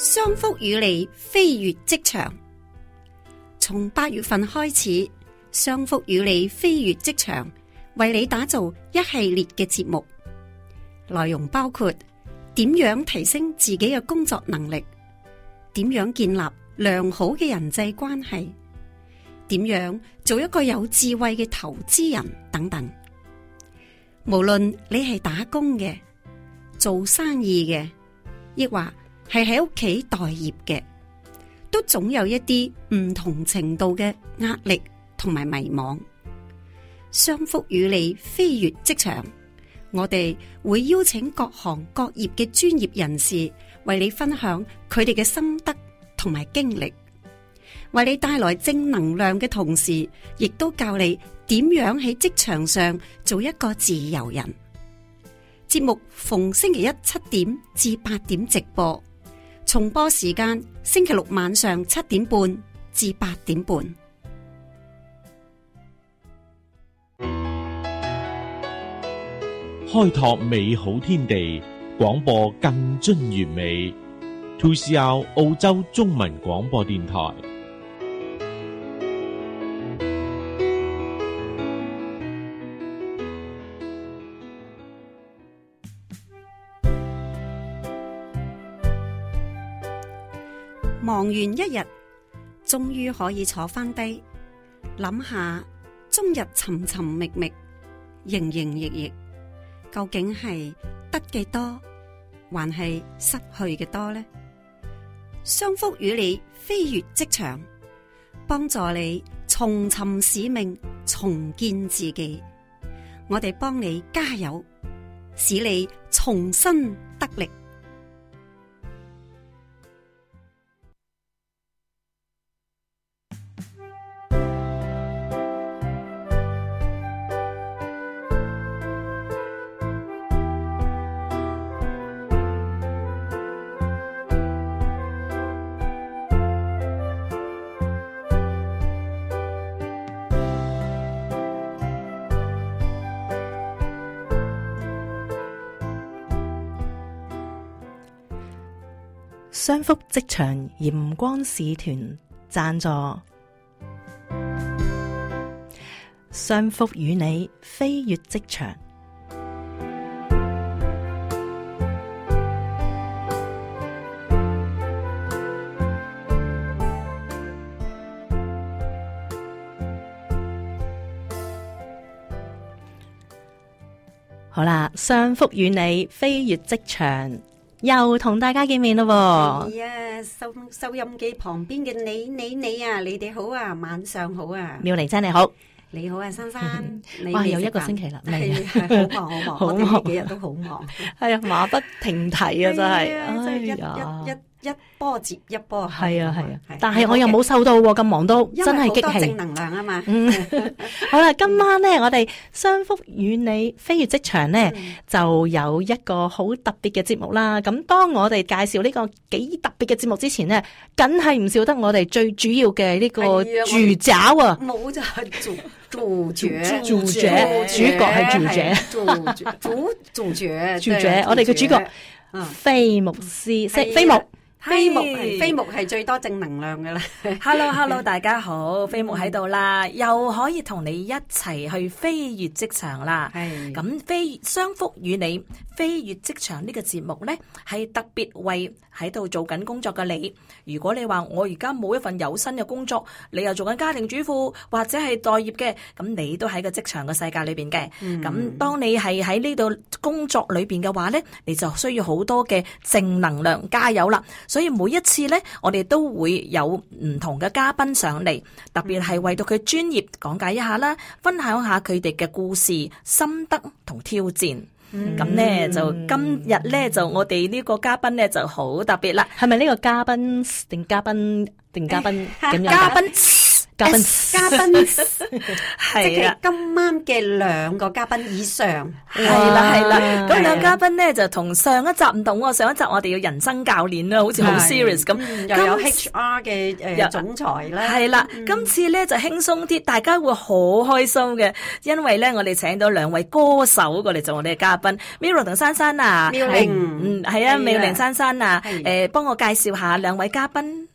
商福與你飛越職場，從八月份開始，商福與你飛越職場為你打造一系列嘅節目，內容包括點樣提升自己嘅工作能力，點樣建立良好嘅人際關係，點樣做一個有智慧嘅投資人等等。無論你係打工嘅、做生意嘅，亦或。係喺屋企待業嘅，都總有一啲唔同程度嘅壓力同埋迷茫。商福與你飛越職場，我哋會邀請各行各業嘅專業人士為你分享佢哋嘅心得同埋經歷，為你帶來正能量嘅同時，亦都教你點樣喺職場上做一個自由人。節目逢星期一七點至八點直播。重播時間：星期六晚上七點半至八點半。開拓美好天地廣播更臻完美，2CR 澳洲中文廣播電台。忙完一日，終於可以坐翻低，諗下終日尋尋覓覓、營營役役，究竟係得嘅多，還係失去嘅多呢？商福與你飛越職場，幫助你重尋使命，重建自己。我哋幫你加油，使你重新。商福職場鹽光使團贊助，商福與你飛越職場。好啦，商福與你飛越職場。又同大家見面咯喎！呀， 收收音機旁邊嘅你你你啊，你哋好啊，晚上好啊！妙玲姐你好，你好啊，珊珊。你 哇，又一個星期啦，你係、 啊、好忙好忙，我呢幾日都好忙，係 啊，馬不停蹄啊， 啊，真係，真係一一。 嗯一波接一波，係啊係啊，但係我又冇收到喎，咁忙都真係激氣。正能量啊嘛。嗯，好啦，今晚咧，我哋商福與你飛越職場咧，就有一個好特別嘅節目啦。咁當我哋介紹呢個幾特別嘅節目之前呢，梗係唔少得我哋最主要嘅呢個主角啊。冇就係主主主，主角主角主角主角主角我哋嘅主角啊，飛牧師即係飛牧。飛牧，是飛係最多正能量嘅啦。Hello，Hello，大家好， 飛牧喺度啦，又可以同你一齊去飛越職場啦。係是，咁飛商福與你。飛越職場呢個節目呢，係特別為喺度做緊工作嘅你。如果你話我而家冇一份有薪嘅工作，你又做緊家庭主婦或者係待業嘅，咁你都喺個職場嘅世界裏邊嘅。咁、嗯、當你係喺呢度工作裏邊嘅話呢，你就需要好多嘅正能量加油啦。所以每一次呢，我哋都會有唔同嘅嘉賓上嚟，特別係為到佢專業講解一下啦，分享下佢哋嘅故事、心得同挑戰。咁咧、嗯、就今日咧就我哋呢個嘉賓咧就好特別啦，係咪呢個嘉賓定嘉賓定嘉賓咁樣？ 嘉賓，嘉賓係啊！今晚嘅兩個嘉賓以上係啦係啦。咁兩個嘉賓咧就同上一集唔同喎。上一集我哋嘅人生教練咧，好似好 serious 咁，又有 HR 嘅誒總裁啦。係啦，今次咧就輕鬆啲，大家會好開心嘅。因為咧，我哋請到兩位歌手過嚟做我哋嘅嘉賓，妙玲同珊珊啊。妙玲，嗯，係啊，妙玲，林珊珊啊，誒，幫我介紹下兩位嘉賓。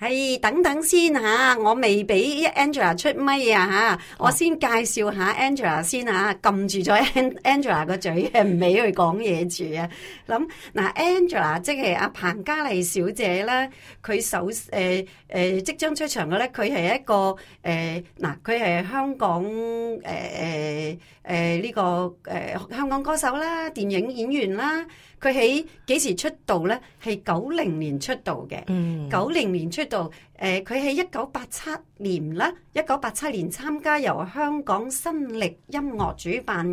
係，等等先嚇，我未俾 Angela 出咪啊嚇，我先介紹下 Angela 先嚇，撳住咗 Angela 個嘴，唔俾佢講嘢住啊。諗嗱，Angela 即係阿彭家麗小姐啦，佢首誒誒、欸、即將出場嘅咧，佢係一個誒嗱，佢、欸、係香港誒誒誒呢個誒香港歌手啦，電影演員啦。佢喺幾時出道呢？係九零年出道嘅。九零、嗯、年出道，誒佢喺一九八七年啦，一九八七年參加由香港新力音樂主辦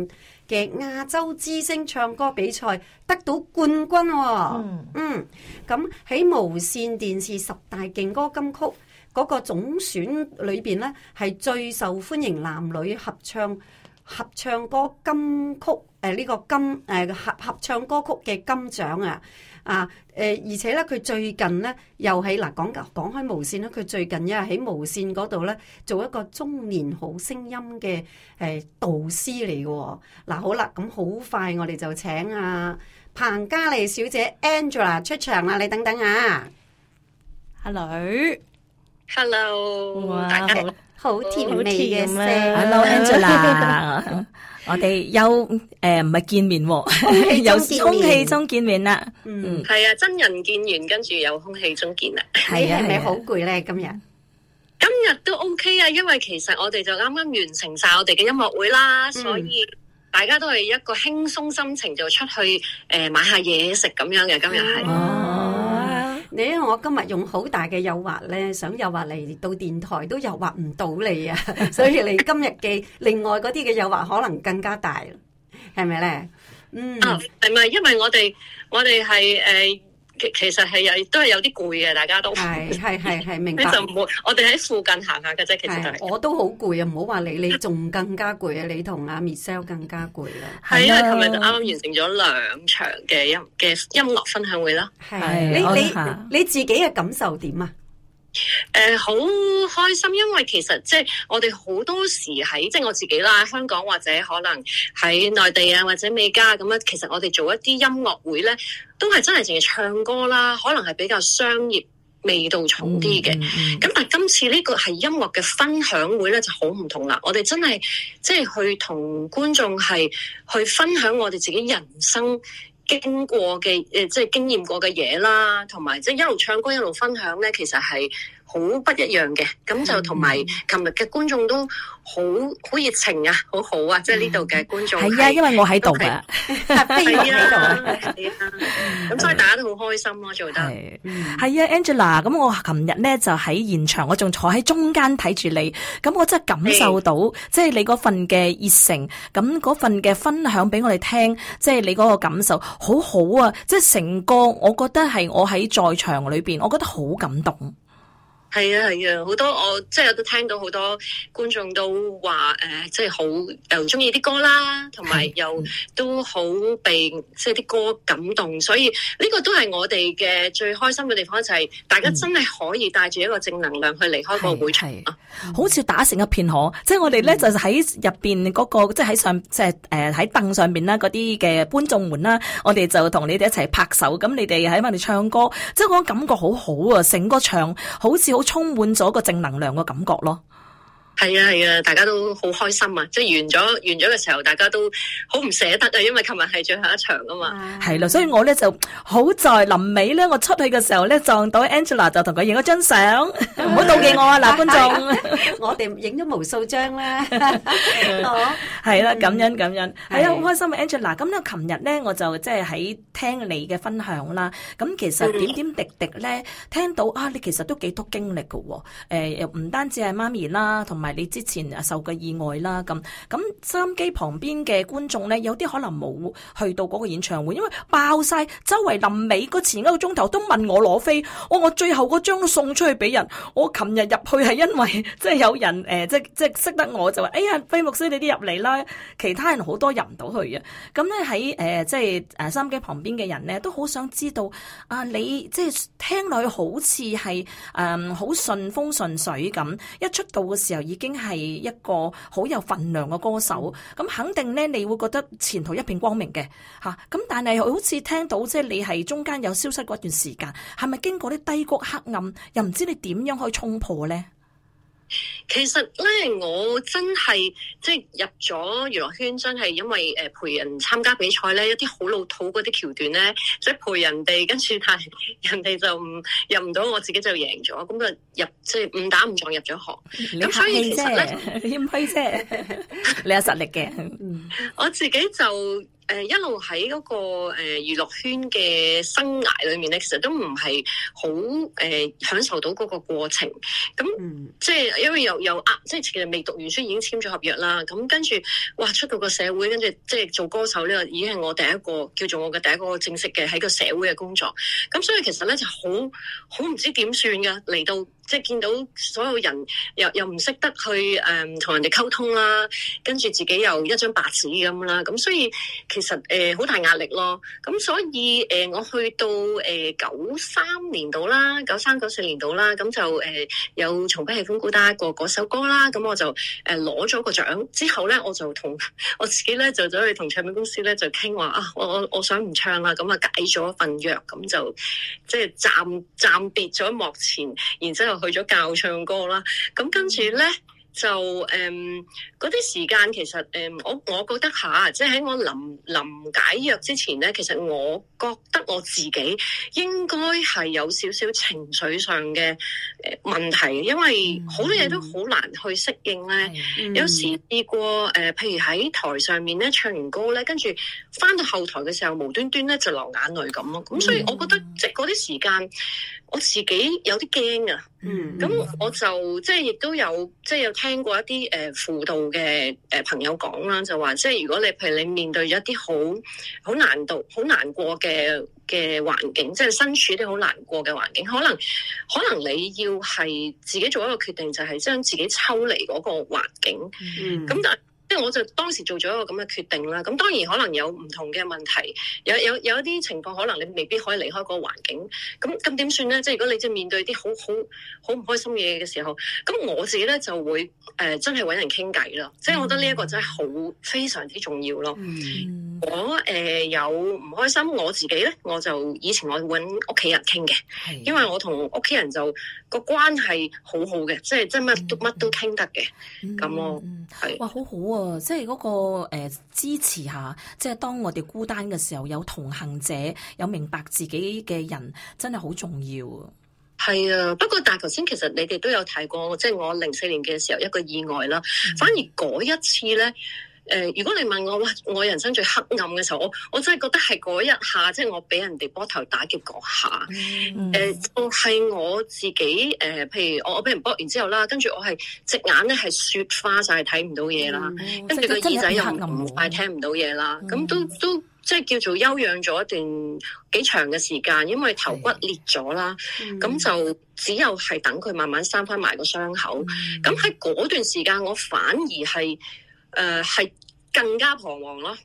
嘅亞洲之星唱歌比賽，得到冠軍，哦。嗯，咁喺、嗯、無線電視十大勁歌金曲嗰個總選裏邊咧，係最受歡迎男女合唱合唱歌金曲，誒呢個金誒合合唱歌曲嘅金獎啊啊，誒而且咧佢最近咧又係嗱，講講開無綫咧，佢最近因為喺無綫嗰度咧做一個中年好聲音嘅誒導師嚟嘅。嗱，好啦，咁好快我哋就請阿彭家麗小姐 Angela 出場啦。你等等啊，hello，hello，大家好。好甜美嘅聲，Hello Angela，我哋又誒唔係見面，有空氣中見面啦，嗯，係啊，真人見完，跟住又空氣中見啦，你係咪好攰咧今日？今日都 OK 啊，因為其實我哋就啱啱完成晒我哋嘅音樂會啦，所以大家都係一個輕鬆心情就出去誒買下嘢食咁樣嘅，今日係。我今日用好大嘅誘惑咧，想誘惑你到電台，都誘惑唔到你啊！ 所以你今日嘅另外嗰啲嘅誘惑，可能更加大，係咪咧？嗯，oh，係咪？因為我哋我哋係誒。Uh, 其實係又都係有啲攰嘅，大家都係係係係明白。就唔會，我哋喺附近行下嘅啫。其實我都好攰啊，唔好話你，你仲更加攰啊！你同阿 Michelle 更加攰啦。係因為琴日就啱啱完成咗兩場嘅音嘅音樂分享會啦。係的的你 can 你你自己嘅感受點啊？誒、好、呃、開心，因為其實即係我哋好多時喺、即、就、係、是、我自己啦，香港或者可能喺內地啊，或者美加咁樣。其實我哋做一啲音樂會咧，都係真係淨係唱歌啦，可能係比較商業味道重啲嘅。咁、嗯嗯嗯、但係今次呢個係音樂嘅分享會咧，就好唔同啦。我哋真係即係去同觀眾係去分享我哋自己人生。經過嘅，誒，即係經驗過嘅嘢啦，同埋即係一路唱歌，一路分享咧，其實係。好不一樣嘅，咁就同埋琴日嘅觀眾都好好熱情啊，好好啊，即係呢度嘅觀眾係啊，因為我喺度噶，係是 啊，咁、 啊啊、所以大家都好開心咯、啊，做得係啊，Angela，咁我琴日咧就喺現場，我仲坐喺中間睇住你，咁我真係感受到即係是你嗰份嘅熱誠，咁嗰份嘅分享俾我哋聽，即、就、係、是、你嗰個感受，好好啊，即係成個我覺得係我喺在,在場裏邊，我覺得好感動。係啊係啊，好、啊、多我即係都聽到好多觀眾都話誒、呃，即係好誒中意啲歌啦，同埋又都好被即係啲歌感動，所以呢個都係我哋嘅最開心嘅地方，就係、是、大家真係可以帶住一個正能量去離開個會場，場啊、嗯、好似打成一片河，即係我哋咧、嗯、就喺入邊個，即係喺上即係誒喺凳上邊啦，啲嘅觀眾們啦，我哋就同你哋一齊拍手，咁你哋喺埋嚟唱歌，即係我感覺好好啊，成歌唱好似。好充滿咗個正能量嘅感覺咯。係啊係啊，大家都好開心啊！即係完咗完咗嘅時候，大家都好唔捨得啊！因為琴日係最後一場啊嘛，係啦，所以我咧就好在臨尾咧，我出去嘅時候咧撞到 Angela，就同佢影咗張相，唔好妒忌我啊！嗱，觀眾，我哋影咗無數張啦，係啦，感恩感恩，係啊，好開心啊！Angela，咁咧，琴日咧，我就即係喺聽你嘅分享啦。咁其實點點滴滴咧，聽到啊，你其實都幾多經歷㗎，誒，又唔單止係媽咪啦，同埋。你之前受嘅意外啦，咁咁收音機旁邊嘅觀眾咧，有啲可能冇去到個演唱會，因為爆晒周圍臨尾個前一個鐘頭都問我攞飛，我、哦、我最後張都送出去俾人。我琴日入去係因為即係有人誒、呃，即係即係識得我就話，哎呀，飛牧師你啲入嚟啦，其他人好多入唔到去啊，咁咧喺誒即係誒收音機旁邊嘅人咧，都好想知道啊，你即係聽落去好似係誒好順風順水咁，一出道嘅時候已。已經係一個好有份量嘅歌手，咁肯定咧你會覺得前途一片光明嘅吓，咁、啊、但係好似聽到即係你係中間有消失過一段時間，係咪經過啲低谷黑暗，又唔知你點樣可以衝破咧？其實咧，我真係即係入咗娛樂圈，真係因為誒陪人參加比賽咧，一啲好老土嗰啲橋段咧，即係陪人哋，跟住但係人哋就唔入唔到，我自己就贏咗，咁就入即係誤打誤撞入咗行。咁所以其實咧，謙虛啫，你有實力嘅。嗯，我自己就。誒，一路喺嗰個誒娛樂圈嘅生涯裏面咧，其實都唔係好誒享受到嗰個過程。咁、嗯、即係因為又又壓，即係其實未讀完書已經簽咗合約啦。咁跟住，哇出到個社會，跟住即係做歌手呢個，已經係我第一個叫做我嘅第一個正式嘅喺個社會嘅工作。咁所以其實咧就好好唔知點算噶，嚟到。即係見到所有人又又唔識得去誒同、嗯、人哋溝通啦，跟住自己又一張白紙咁啦，咁、嗯、所以其實誒好、呃、大壓力咯。咁、嗯、所以誒、呃、我去到誒九三年度啦，九三九四年度啦，咁、嗯、就誒、呃、有從不喜歡孤單一個嗰首歌啦，咁我就誒攞咗個獎之後咧，我就同、呃、我,我自己咧就走去同唱片公司咧就傾話啊，我我我想唔唱啦，咁、嗯、啊解咗份約，咁、嗯、就即係、就是、暫暫別咗幕前，然之後。去咗教唱歌啦，咁跟住咧就誒。嗯嗰啲時間其實誒，我我覺得吓，即係喺我臨臨解約之前咧，其實我覺得我自己應該係有少少情緒上嘅誒問題，因為好多嘢都好難去適應咧。嗯嗯、有時試過誒、呃，譬如喺台上面咧唱完歌咧，跟住翻到後台嘅時候，無端端咧就流眼淚咁咯。咁、嗯嗯、所以我覺得即係嗰啲時間，我自己有啲驚啊。嗯，咁、嗯、我就即係亦都有，即係有聽過一啲誒輔導。嘅誒朋友講啦，就話即係，如果你譬如你面對一啲好好難度、好難過嘅嘅環境，即係身處啲好難過嘅環境，可能可能你要係自己做一個決定，就係、是、將自己抽離嗰個環境，咁但、嗯。即係我就當時做咗一個咁嘅決定啦，咁當然可能有唔同嘅問題，有有有一啲情況可能你未必可以離開嗰個環境，咁咁點算咧？即係如果你即係面對啲好好好唔開心嘢嘅時候，咁我自己咧就會誒、呃、真係搵人傾偈咯，即係、嗯、我覺得呢一個真係好非常之重要咯。嗯。我誒、呃、有唔開心，我自己咧我就以前我揾屋企人傾嘅，是因為我同屋企人就個關係好好嘅，即係即係乜都乜、嗯、都傾得嘅咁咯。係、嗯、哇，好好啊！即係嗰個、呃、支持下，即、就、係、是、當我哋孤單嘅時候有同行者，有明白自己嘅人，真係好重要。啊！係啊，不過但係頭先其實你哋都有提過，即、就、係、是、我零四年嘅時候一個意外啦，嗯、反而嗰一次咧。誒、呃，如果你問我話，我人生最黑暗嘅時候，我我真係覺得係嗰一下，即、就、係、是、我俾人哋波頭打劫嗰下。誒、嗯，我係、呃就是、我自己誒、呃，譬如我我俾人波完之後啦，跟住我係隻眼咧係雪花晒，睇唔到嘢啦，嗯、跟住個耳仔又唔快聽唔到嘢啦。咁、嗯嗯、都都即係叫做休養咗一段幾長嘅時間，因為頭骨裂咗啦，咁、嗯嗯、就只有係等佢慢慢生翻埋個傷口。咁喺嗰段時間，我反而係。誒，係、uh, 更加彷徨咯，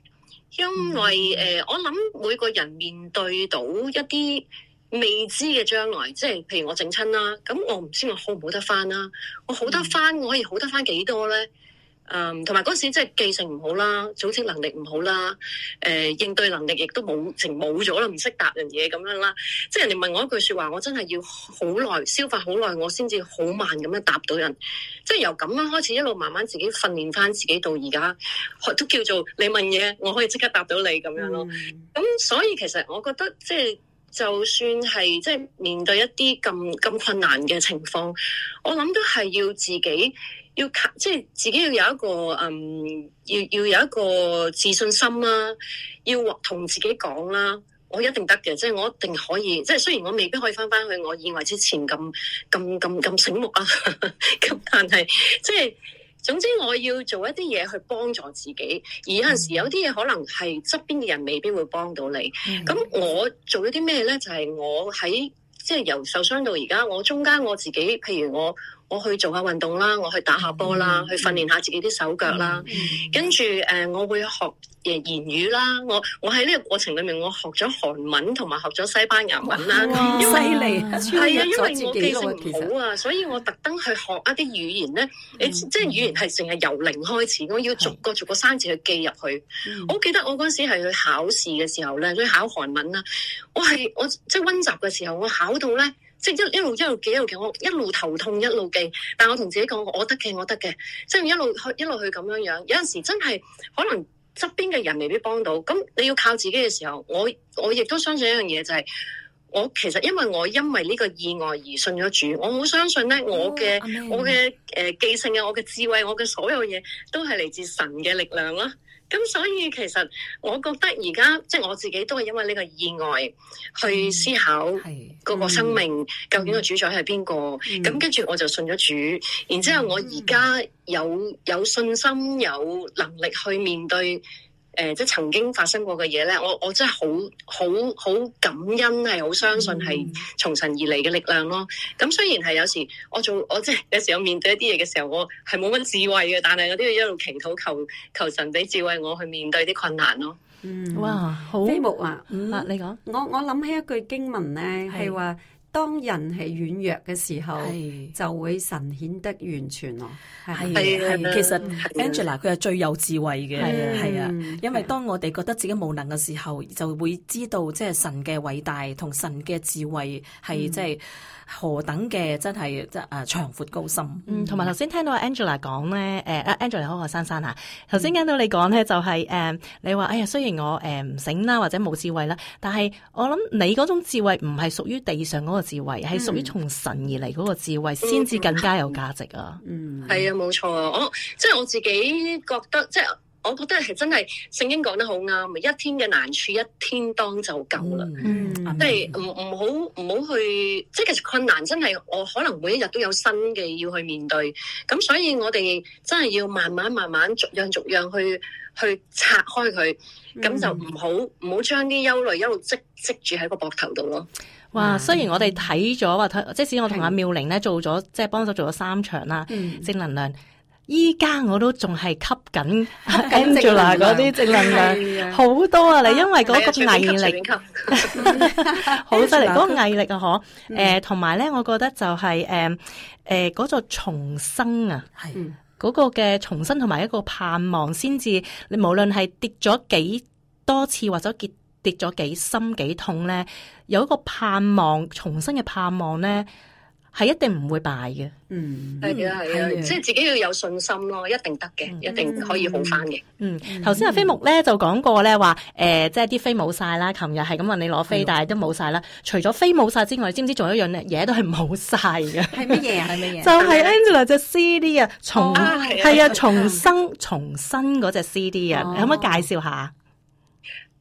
因為誒、嗯呃，我諗每個人面對到一啲未知嘅將來，即係譬如我整親啦，咁我唔知我好唔好得翻啦，嗯、我好得翻，我可以好得翻幾多咧？誒，同埋嗰陣時即係記性唔好啦，組織能力唔好啦，誒、呃、應對能力亦都冇，情冇咗啦，唔識答人嘢咁樣啦。即係人哋問我一句說話，我真係要好耐消化，好耐我先至好慢咁樣答到人。即係由咁樣開始，一路慢慢自己訓練返自己到而家，都叫做你問嘢，我可以即刻答到你咁樣咯。咁、嗯、所以其實我覺得，即係就算係即係面對一啲咁咁困難嘅情況，我諗都係要自己。要即係自己要有一個嗯，要要有一個自信心啦、啊，要同自己講啦、啊，我一定得嘅，即係我一定可以，即係雖然我未必可以翻翻去我意外之前咁咁咁咁醒目啊，咁 但係即係總之我要做一啲嘢去幫助自己，而有陣時有啲嘢可能係側邊嘅人未必會幫到你，咁、嗯、我做咗啲咩咧？就係、是、我喺即係由受傷到而家，我中間我自己，譬如我。我去做下運動啦，我去打下波啦，嗯、去訓練下自己啲手腳啦。嗯、跟住誒、呃，我會學誒言語啦。我我喺呢個過程裏面，我學咗韓文同埋學咗西班牙文啦。犀利，係為啊，因為我記性唔好啊，實所以我特登去學一啲語言咧。嗯、你即係語言係成日由零開始，我要逐個的逐個生字去記入去。嗯、我記得我嗰陣時係去考試嘅時候咧，去考韓文啦。我係我，我即係温習嘅時候，我考到咧。即一一路一路記一路記，我一路頭痛一路記，但我同自己講，我得嘅我得嘅，即係一路去一路去咁樣樣。有陣時真係可能側邊嘅人未必幫到，咁你要靠自己嘅時候，我我亦都相信一樣嘢就係，我其實因為我因為呢個意外而信咗主，我好相信咧，我嘅我嘅誒記性啊，我嘅智慧，我嘅所有嘢都係嚟自神嘅力量啦。咁所以其實我覺得而家即係我自己都係因為呢個意外去思考個個生命，嗯、究竟個主宰係邊個？咁跟住我就信咗主，嗯、然之後我而家有有信心有能力去面對。誒、呃，即係曾經發生過嘅嘢咧，我我真係好好好感恩，係好相信係從神而嚟嘅力量咯。咁雖然係有時我做，我即係有時我面對一啲嘢嘅時候，我係冇乜智慧嘅，但係我都要一路祈禱求求，求神俾智慧我去面對啲困難咯。嗯，哇，好，飛牧啊，嗱、嗯，你講說，我我諗起一句經文咧，係話是。當人係軟弱嘅時候，是就會神顯得完全咯。係係，其實 Angela 佢係最有智慧嘅，係啊的的，因為當我哋覺得自己無能嘅時候，就會知道即係神嘅偉大同神嘅智慧係即係。的何等嘅真係，即係啊，長闊高深。嗯，同埋頭先聽到 Angela 呢、啊啊、Angela 講咧，誒，Angela 你好，好，珊珊吓、啊。頭先聽到你講咧，就係、是、誒、嗯，你話哎呀，雖然我誒唔、嗯、醒啦，或者冇智慧啦，但係我諗你嗰種智慧唔係屬於地上嗰個智慧，係屬於從神而嚟嗰個智慧，先至更加有價值啊。嗯，係啊，冇錯，我即係我自己覺得即係。我覺得係真係聖經講得好啱，一天嘅難處一天當就夠啦，嗯、即係唔唔好唔好去，即係其實困難真係我可能每一日都有新嘅要去面對，咁所以我哋真係要慢慢慢慢逐樣逐樣、逐樣去去拆開佢，咁、嗯、就唔好唔好將啲憂慮一路積積住喺個膊頭度咯。哇！嗯、雖然我哋睇咗話睇，即使我同阿妙玲呢做咗，即係是幫手做咗三場啦，正能量。嗯嗯依家我都仲係吸緊 Angela 嗰啲正能量，好 多啊！你 因為嗰個毅力，好犀利嗰個毅力啊！嗬，誒同埋咧，我覺得就係誒誒嗰座重生啊，嗰個嘅重生同埋一個盼望，先至你無論係跌咗幾多次或者跌跌咗幾深幾痛咧，有一個盼望重生嘅盼望咧。係一定唔會敗嘅，嗯，係係的即係自己要有信心咯，一定得嘅，嗯、一定可以好翻嘅。嗯，頭先阿飛牧咧就講過咧話，誒、呃，即係啲飛冇晒啦，琴日係咁問你攞飛，的但係都冇晒啦。除咗飛冇晒之外，你知唔知仲有一樣嘢都係冇晒嘅？係乜嘢啊？係乜嘢？就係 Angela 隻 CD 啊，重係啊重生重生嗰隻 CD 啊，可唔可以介紹下？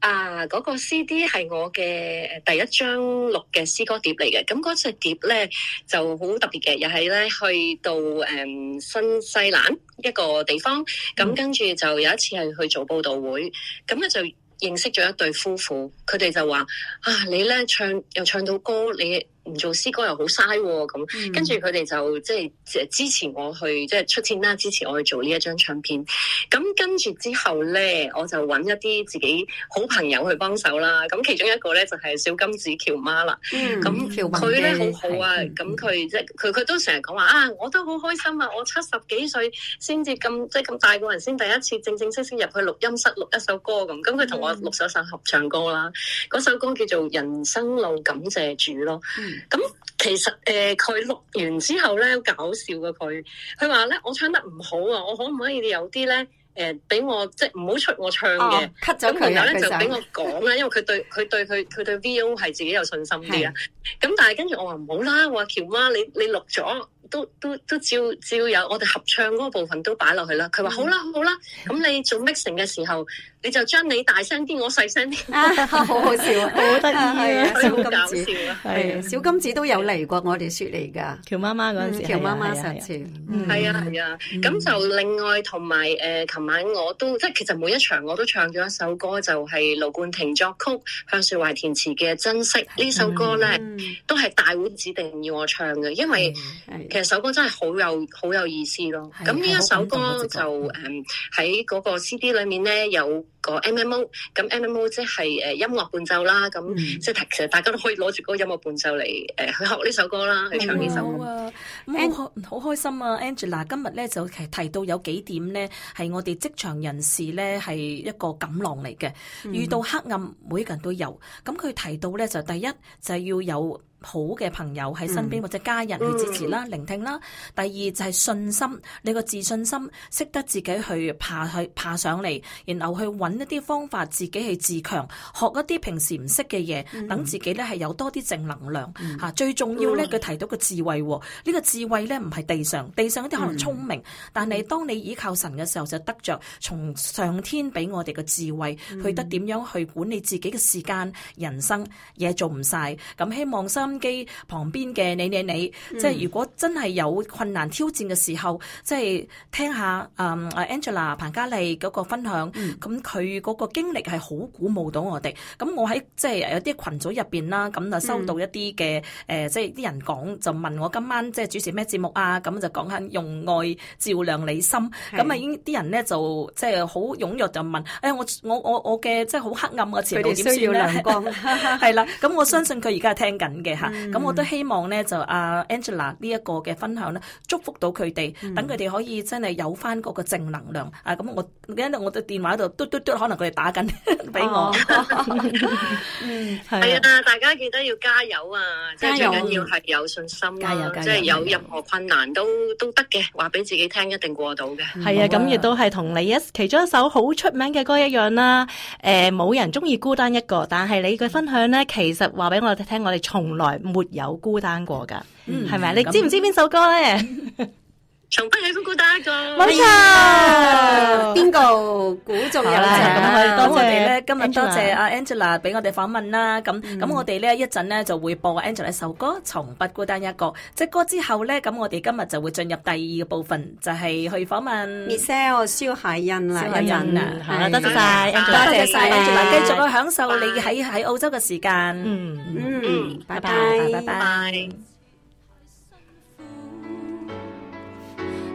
啊，嗰、那個 CD 係我嘅第一張錄嘅詩歌碟嚟嘅，咁嗰隻碟咧就好特別嘅，又係咧去到誒、嗯、新西蘭一個地方，咁跟住就有一次係去做報道會，咁咧就認識咗一對夫婦，佢哋就話：啊，你咧唱又唱到歌，你，唔做詩歌又好嘥喎，咁、嗯嗯、跟住佢哋就即係、就是、支持我去，即、就、係、是、出錢啦，支持我去做呢一張唱片。咁跟住之後咧，我就揾一啲自己好朋友去幫手啦。咁其中一個咧就係小金子喬媽啦。嗯，咁佢咧好好啊。咁佢即係佢佢都成日講話啊，我都好開心啊！我七十幾歲先至咁即係咁大個人，先第一次正正式式入去錄音室錄一首歌咁。咁佢同我錄首首合唱歌啦，嗰首歌叫做《人生路感謝主》咯。咁、嗯、其實誒，佢、呃、錄完之後咧，好搞笑嘅佢，佢話咧，我唱得唔好啊，我可唔可以有啲咧誒，俾、呃、我即係唔好出我唱嘅，咁然後咧就俾我講啦，因為佢對佢對佢佢對，對 V.O 係自己有信心啲啊。咁是、嗯、但係跟住我話唔好啦，我話喬媽你你錄咗都都都照照有，我哋合唱嗰個部分都擺落去啦。佢話好啦好啦，咁、嗯、你做 mixing 嘅時候。你就將你大聲啲，我細聲啲，好好笑，好得意，好搞笑，係啊，小金子都有嚟過我哋雪梨噶，喬媽媽嗰陣時，喬媽媽上次係啊係啊。咁就另外同埋誒，琴晚我都即係其實每一場我都唱咗一首歌，就係盧冠廷作曲、向雪懷填詞嘅《珍惜》呢首歌咧，都係大會指定要我唱嘅，因為其實首歌真係好有好有意思咯。咁呢一首歌就誒喺嗰個 CD 裏面咧有。個 M M O，咁 M M O 即係誒音樂伴奏啦，咁即係其實大家都可以攞住嗰個音樂伴奏嚟誒去學呢首歌啦，去唱呢首歌。咁好，好開心啊！Angela 今日咧就其實提到有幾點咧，係我哋職場人士咧係一個錦囊嚟嘅。遇到黑暗，每個人都有。咁佢提到咧就第一就係要有。好嘅朋友喺身邊或者家人去支持啦，嗯，聆聽啦。第二就係信心，你個自信心，識得自己去爬去爬上嚟，然後去揾一啲方法，自己去自強學一啲平時唔識嘅嘢，等自己咧係有多啲正能量。嚇、嗯啊，最重要咧，佢提到個智慧，這個智慧呢，呢個智慧咧唔係地上，地上啲可能聰明，嗯，但係當你依靠神嘅時候，就得着從上天俾我哋嘅智慧，去得點樣去管理自己嘅時間人生嘢做唔晒，咁希望心。機旁邊嘅你你你，即係、嗯、如果真係有困難挑戰嘅時候，即、就、係、是、聽下誒、um，Angela 彭家麗嗰個分享，咁佢嗰個經歷係好鼓舞到我哋。咁我喺即係有啲群組入邊啦，咁、嗯、就、嗯、收到一啲嘅誒，即係啲人講就問我今晚即係主持咩節目啊，咁就講緊用愛照亮你心，咁啊已經啲人咧就即係好踊躍就問，哎我我我我嘅即係好黑暗嘅前途點亮光。 」係啦，咁我相信佢而家係聽緊嘅。咁我都希望咧就阿 Angela 呢一個嘅分享咧，祝福到佢哋，等佢哋可以真係有翻嗰個正能量。啊，咁我而家我喺電話度嘟嘟嘟，可能佢哋打緊俾我。嗯，係啊，大家記得要加油啊！加油！最緊要係有信心。加油！加油！即係有任何困難都都得嘅，話俾自己聽，一定過到嘅。係啊，咁亦都係同你一其中一首好出名嘅歌一樣啦。誒，冇人中意孤單一個，但係你嘅分享咧，其實話俾我哋聽，我哋從來。.係沒有孤單過噶，嗯，係咪吧，嗯，你知唔知邊首歌咧，啊？ 從不孤孤單單個，冇錯。邊個估中啦？咁可以多謝我哋咧，今日多謝阿 Angela 俾我哋訪問啦。咁咁我哋咧一陣咧就會播 Angela 首歌《從不孤單一個》。即歌之後咧，咁我哋今日就會進入第二個部分，就係去訪問 Michelle 蕭凱恩啦。凱恩啊，係多謝晒，多謝晒。繼續去享受你喺喺澳洲嘅時間。嗯嗯，拜拜，拜拜。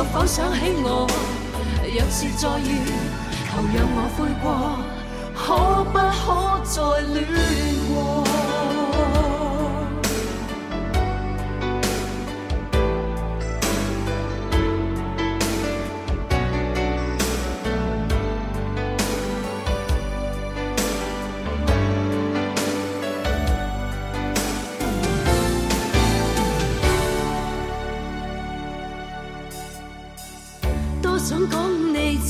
可否想起我，若是再遇，求讓我悔過，可不可再戀過？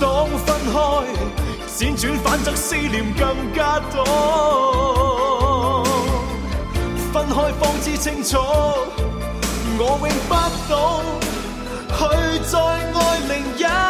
當分開，輾轉反側，思念更加多。分開方知清楚，我永不懂去再愛另一。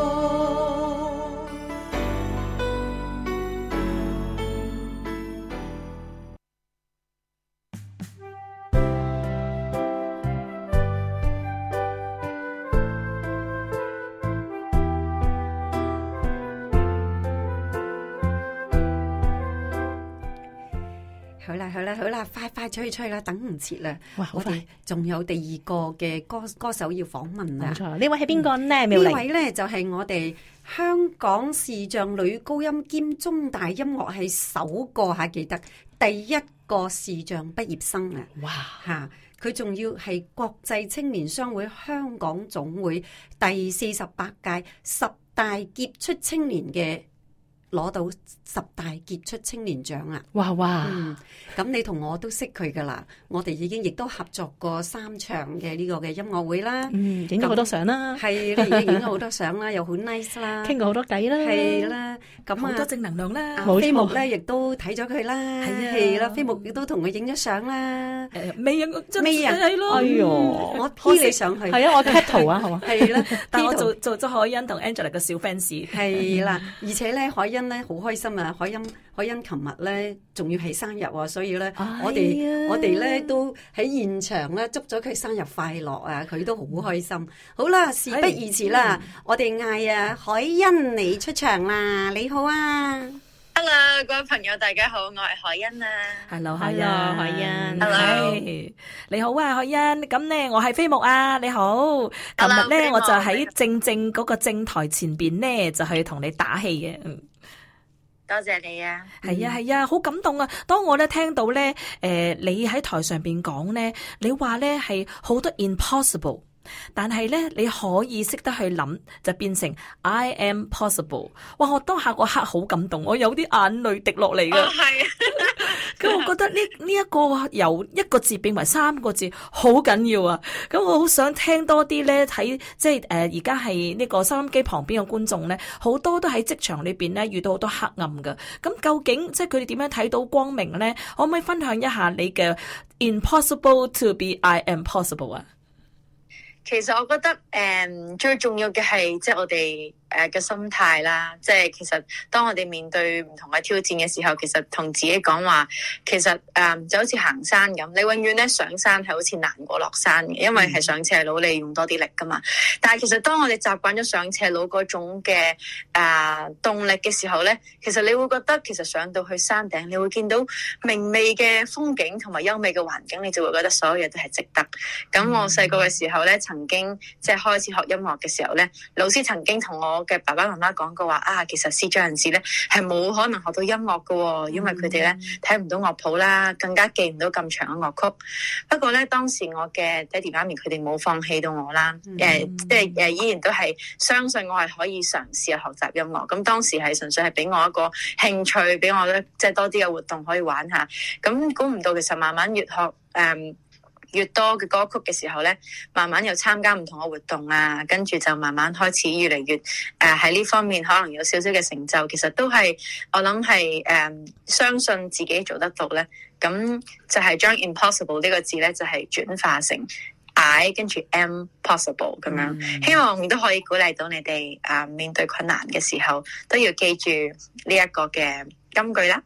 吹吹啦，等唔切啦。哇我哋仲有第二個嘅歌歌手要訪問啊。冇錯，呢位係邊個咧？呢、嗯、玲位呢就係、是、我哋香港視障女高音兼中大音樂系首個吓記得第一個視障畢業生哇啊！哇吓，佢仲要係國際青年商會香港總會第四十八屆十大傑出青年嘅。攞到十大傑出青年獎啊！哇哇！咁你同我都識佢噶啦，我哋已經亦都合作過三場嘅呢個嘅音樂會啦，影咗好多相啦，係啦，已經影咗好多相啦，又好 nice 啦，傾過好多偈啦，係啦，咁好多正能量啦。飛牧咧亦都睇咗佢啦，係係啦，飛牧亦都同佢影咗相啦，未影啊，未啊，係咯，我 P 你上去，係啊，我貼圖啊，係嘛，係啦，但係我做做咗凱恩同 Angela 個小 fans，係啦，而且咧凱恩。咧好開心啊！凱恩凱恩，琴日咧仲要係生日，所以咧我哋我哋咧都喺現場咧祝咗佢生日快樂啊！佢都好開心。好啦，事不宜遲啦，我哋嗌啊，凱恩你出場啦！你好啊，hello 各位朋友，大家好，我係凱恩啊，hello 海啦，凱恩，hello 你好啊，凱恩，咁咧我係飛牧啊，你好，琴日咧我就喺正正嗰個正台前邊咧就去同你打氣嘅。多謝你啊！係呀，係呀，好感動啊！當我咧聽到咧，誒、呃，你喺台上邊講咧，你話咧係好多 impossible。但係咧，你可以識得去諗，就變成 I am possible。哇！我當下個刻好感動，我有啲眼淚滴落嚟嘅。係咁、哦， 我覺得呢呢一個由一個字變為三個字，好緊要啊！咁我好想聽多啲咧，睇即係，誒，而家係呢個收音機旁邊嘅觀眾咧，好多都喺職場裏邊咧遇到好多黑暗噶。咁究竟即係佢哋點樣睇到光明嘅咧？可唔可以分享一下你嘅 Impossible to be I am possible 啊？其實我覺得，誒，最重要嘅係即係我哋。誒嘅心態啦，即係其實當我哋面對唔同嘅挑戰嘅時候，其實同自己講話，其實誒、呃、就好似行山咁，你永遠咧上山係好似難過落山嘅，因為係上斜路你用多啲力噶嘛。但係其實當我哋習慣咗上斜路嗰種嘅誒、呃、動力嘅時候咧，其實你會覺得其實上到去山頂，你會見到明媚嘅風景同埋優美嘅環境，你就會覺得所有嘢都係值得。咁我細個嘅時候咧，曾經即係開始學音樂嘅時候咧，老師曾經同我。我嘅爸爸媽媽講過話啊，其實視障人士咧係冇可能學到音樂嘅、哦，因為佢哋咧睇唔到樂譜啦，更加記唔到咁長嘅樂曲。不過咧，當時我嘅爹哋媽咪佢哋冇放棄到我啦，誒、mm hmm. 啊，即係誒、啊，依然都係相信我係可以嘗試去學習音樂。咁當時係純粹係俾我一個興趣，俾我咧即係多啲嘅活動可以玩下。咁估唔到，其實慢慢越學誒。嗯越多嘅歌曲嘅時候咧，慢慢又參加唔同嘅活動啊，跟住就慢慢開始越嚟越，誒喺呢方面可能有少少嘅成就，其實都係我諗係誒相信自己做得到咧。咁就係將 impossible 呢個字咧，就係、是、轉化成 I 跟住 m possible 咁樣，嗯、希望都可以鼓勵到你哋啊、呃、面對困難嘅時候都要記住呢一個嘅金句啦。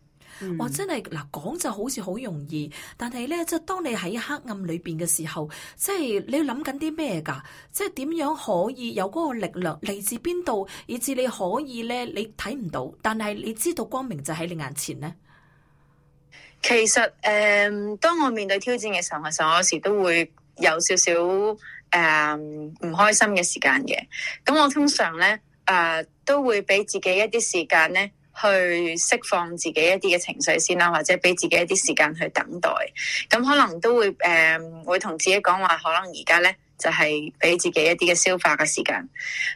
哇！嗯、真係嗱，講就好似好容易，但係咧，即係當你喺黑暗裏邊嘅時候，即係你諗緊啲咩噶？即係點樣可以有嗰個力量嚟自邊度，以至你可以咧，你睇唔到，但係你知道光明就喺你眼前咧。其實誒、呃，當我面對挑戰嘅時候，其實我有時都會有少少誒、呃、唔開心嘅時間嘅。咁我通常咧誒、呃、都會俾自己一啲時間咧，去釋放自己一啲嘅情緒先啦，或者俾自己一啲時間去等待，咁可能都會誒會同自己講話，可能而家呢就係俾自己一啲嘅消化嘅時間。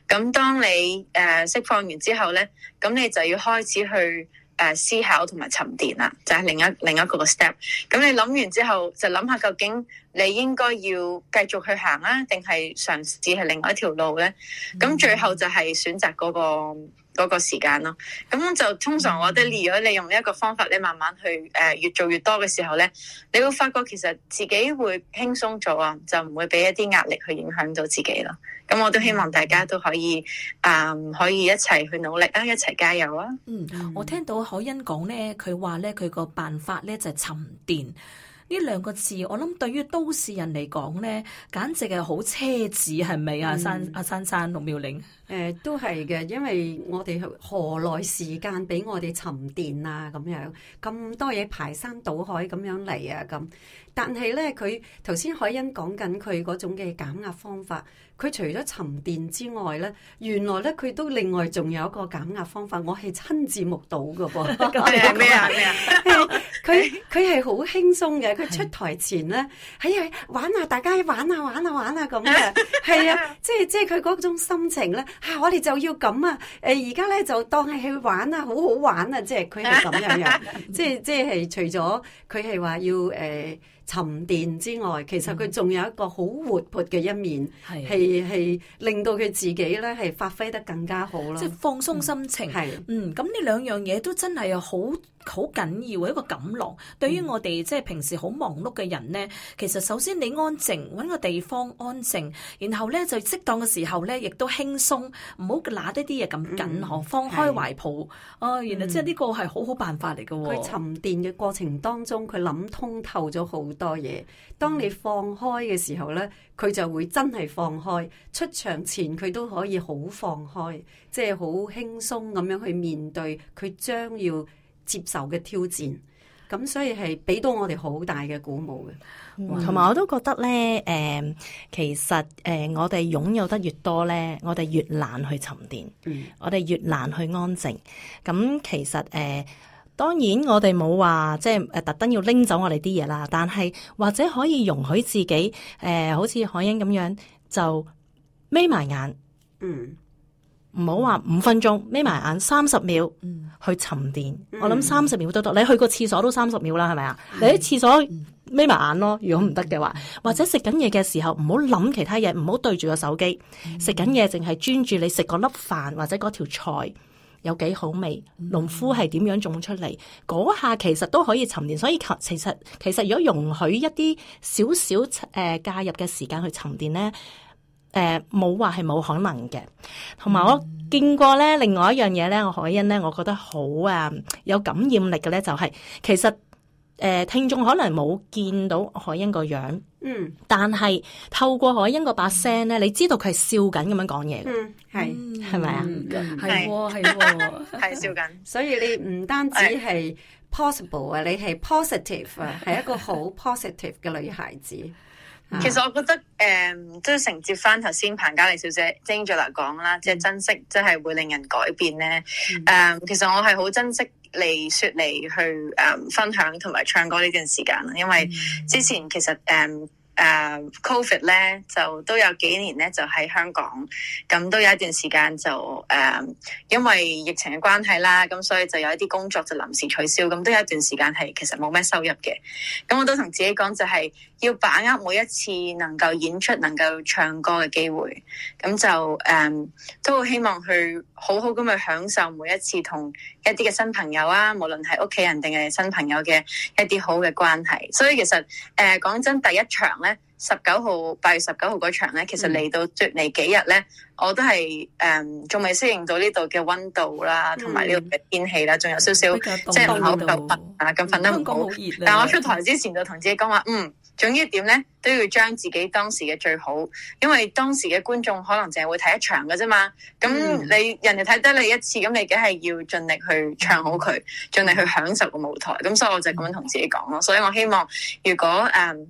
咁當你誒釋放完之後呢，咁你就要開始去誒思考同埋沉澱啦，就係另一另一個 step。咁你諗完之後，就諗下究竟你應該要繼續去行啊，定係嘗試係另外一條路呢？咁最後就係選擇嗰個。嗯嗰個時間咯，咁就通常我哋，如果你用一個方法，你慢慢去誒、呃、越做越多嘅時候咧，你會發覺其實自己會輕鬆咗啊，就唔會俾一啲壓力去影響到自己咯。咁我都希望大家都可以啊、呃，可以一齊去努力啊，一齊加油啊！嗯，我聽到凱恩講咧，佢話咧佢個辦法咧就係、是、沉澱。呢兩個字，我諗對於都市人嚟講呢，簡直係好奢侈，係咪、嗯、啊？山阿珊珊齡，六妙玲。誒，都係嘅，因為我哋何來時間俾我哋沉澱啊？咁樣咁多嘢排山倒海咁樣嚟啊！咁，但係呢，佢頭先凱恩講緊佢嗰種嘅減壓方法。佢除咗沉澱之外咧，原來咧佢都另外仲有一個減壓方法，我係親自目睹嘅噃。係咩啊？佢佢佢係好輕鬆嘅。佢出台前咧，喺啊是、哎、玩啊，大家玩啊玩啊玩啊咁嘅。係 啊，即係即係佢嗰種心情咧。嚇、哎，我哋就要咁啊！誒，而家咧就當係去玩啊，好好玩啊！即係佢係咁樣樣。 即係即係除咗佢係話要誒。呃沉澱之外，其實佢仲有一個好活潑嘅一面，係係的令到佢自己咧係發揮得更加好咯。即係放鬆心情，嗯，咁呢的、嗯、兩樣嘢都真係好。好緊要一個感覺，對於我哋即係平時好忙碌嘅人呢，其實首先你安靜，揾個地方安靜，然後呢就適當嘅時候呢，亦都輕鬆，唔好拿啲啲嘢咁緊呵，嗯、放開懷抱。是哦，原來即係呢個係好好辦法嚟嘅喎。佢、嗯、沉澱嘅過程當中，佢諗通透咗好多嘢。當你放開嘅時候呢，佢、嗯、就會真係放開。出場前佢都可以好放開，即係好輕鬆咁樣去面對佢將要接受嘅挑戰，咁所以係俾到我哋好大嘅鼓舞嘅，同埋、嗯、我都覺得咧，誒、呃，其實誒、呃，我哋擁有得越多咧，我哋越難去沉澱，嗯、我哋越難去安靜。咁、嗯、其實誒、呃，當然我哋冇話即係誒特登要拎走我哋啲嘢啦，但係或者可以容許自己誒、呃，好似凱恩咁樣就眯埋眼，嗯。.唔好話五分鐘，眯埋眼三十秒、嗯、去沉澱。嗯、我諗三十秒都得，你去個廁所都三十秒啦，係咪啊？是你喺廁所眯埋、嗯、眼咯。如果唔得嘅話，或者食緊嘢嘅時候，唔好諗其他嘢，唔好對住個手機。食緊嘢，淨係專注你食嗰粒飯或者嗰條菜有幾好味，農夫係點樣種出嚟？嗰、嗯、下其實都可以沉澱。所以其實其實，其實如果容許一啲少少誒介入嘅時間去沉澱咧。誒，冇話係冇可能嘅，同埋我見過咧，另外一樣嘢咧，我凱恩咧，我覺得好啊，有感染力嘅咧，就是，就係其實誒，聽眾可能冇見到凱恩個樣，嗯，但係透過凱恩個把聲咧，你知道佢係笑緊咁樣講嘢，嗯，係係咪啊？係係係笑緊的，所以你唔單止係 possible 啊，你係 positive 啊，係一個好 positive 嘅女孩子。其實我覺得誒，即、嗯、承接翻頭先彭家麗小姐、精俊嚟講啦，即係珍惜，即係會令人改變咧。誒、mm，hmm. 其實我係好珍惜你，說你、雪梨去誒分享同埋唱歌呢段時間啦，因為之前其實誒。Mm hmm. 嗯誒、uh，Covid 咧就都有幾年咧，就喺香港，咁都有一段時間就誒，uh, 因為疫情嘅關係啦，咁所以就有一啲工作就臨時取消，咁都有一段時間係其實冇咩收入嘅。咁我都同自己講，就係要把握每一次能夠演出、能夠唱歌嘅機會，咁就誒，uh, 都好希望去。好好咁去享受每一次同一啲嘅新朋友啊，無論係屋企人定係新朋友嘅一啲好嘅關係。所以其實誒，講真，第一場咧，十九號八月十九號嗰場咧，其實嚟到即嚟幾日咧，我都係誒，仲未適應到呢度嘅溫度啦，同埋呢度嘅天氣啦，仲有少少即係唔好夠瞓啊，咁瞓得唔好。但我出台之前就同自己講話，嗯。總之點咧，都要將自己當時嘅最好，因為當時嘅觀眾可能淨係會睇一場嘅啫嘛。咁你、嗯、人哋睇得你一次，咁你梗係要盡力去唱好佢，盡力去享受個舞台。咁所以我就咁樣同自己講咯。所以我希望，如果誒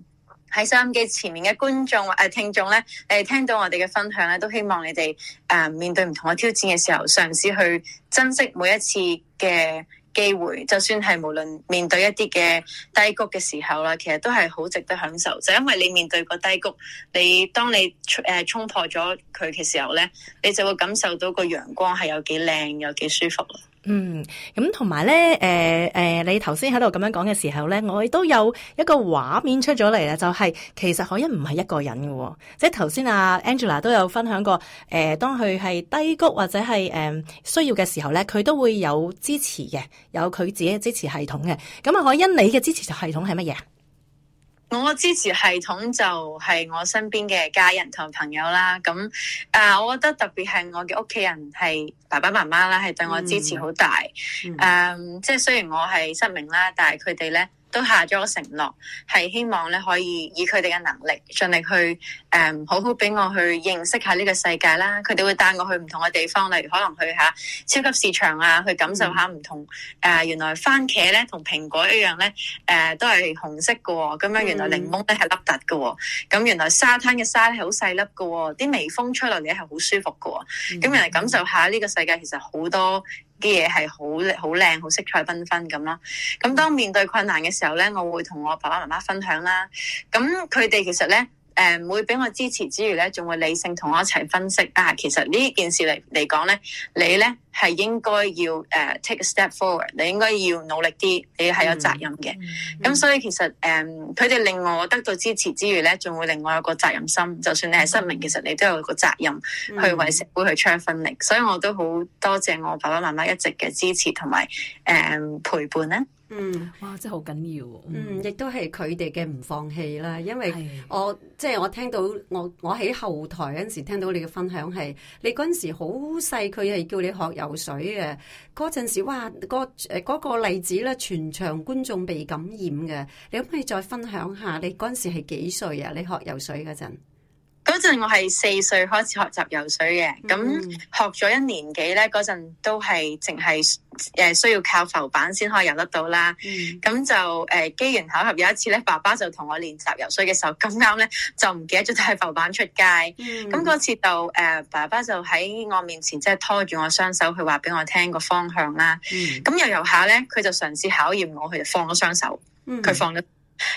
喺收音機前面嘅觀眾或誒聽眾咧，誒聽到我哋嘅分享咧，都希望你哋誒、呃、面對唔同嘅挑戰嘅時候，嘗試去珍惜每一次嘅。機會，就算係無論面對一啲嘅低谷嘅時候啦，其實都係好值得享受，就因為你面對個低谷，你當你誒、呃、衝破咗佢嘅時候咧，你就會感受到個陽光係有幾靚，有幾舒服嗯，咁同埋咧，誒、呃、誒、呃，你頭先喺度咁樣講嘅時候咧，我亦都有一個畫面出咗嚟啦，就係、是、其實凱恩唔係一個人嘅、哦，即係頭先、啊、阿 Angela 都有分享過，誒、呃，當佢係低谷或者係誒、呃、需要嘅時候咧，佢都會有支持嘅，有佢自己嘅支持系統嘅。咁啊，凱恩你嘅支持系統係乜嘢？我支持系統就係我身邊嘅家人同朋友啦，咁誒、呃，我覺得特別係我嘅屋企人係爸爸媽媽啦，係對我支持好大，誒、嗯，嗯 um, 即係雖然我係失明啦，但係佢哋咧。都下咗個承諾，係希望咧可以以佢哋嘅能力盡力去誒、嗯、好好俾我去認識下呢個世界啦。佢哋會帶我去唔同嘅地方，例如可能去下超級市場啊，去感受下唔同誒、嗯呃、原來番茄咧同蘋果一樣咧誒、呃、都係紅色嘅喎、哦。咁樣原來檸檬咧係凹凸嘅喎、哦。咁原來沙灘嘅沙咧係好細粒嘅喎。啲微風吹落嚟你係好舒服嘅喎、哦。咁原來、嗯、感受下呢個世界其實好多。啲嘢係好好靚，好色彩繽紛咁啦。咁當面對困難嘅時候呢，我會同我爸爸媽媽分享啦。咁佢哋其實呢。誒，唔會俾我支持之餘咧，仲會理性同我一齊分析。但、啊、其實呢件事嚟嚟講咧，你咧係應該要誒、uh, take a step forward，你應該要努力啲，你係有責任嘅。咁、mm hmm. 所以其實誒，佢、嗯、哋令我得到支持之餘咧，仲會令我有個責任心。就算你係失明，其實你都有個責任去為社會去出一分力。Mm hmm. 所以我都好多謝我爸爸媽媽一直嘅支持同埋誒陪伴啊！嗯，哇！真係好緊要。嗯，亦都係佢哋嘅唔放棄啦。因為我即係唉我，即係，我聽到我我喺後台嗰陣時聽到你嘅分享係，你嗰陣時好細，佢係叫你學游水嘅嗰陣時，哇！個誒嗰個例子咧，全場觀眾被感染嘅。你可唔可以再分享下你嗰陣時係幾歲啊？你學游水嗰陣？嗰陣我係四歲開始學習游水嘅，咁、嗯、學咗一年幾咧，嗰陣都係淨係誒需要靠浮板先可以游得到啦。咁、嗯、就誒機緣巧合有一次咧，爸爸就同我練習游水嘅時候，咁啱咧就唔記得咗帶浮板出街。咁嗰、嗯、次就誒、呃、爸爸就喺我面前即係拖住我雙手，佢話俾我聽個方向啦。咁又、嗯、遊，遊下咧，佢就嘗試考驗我，佢就放咗雙手，佢、嗯、放咗。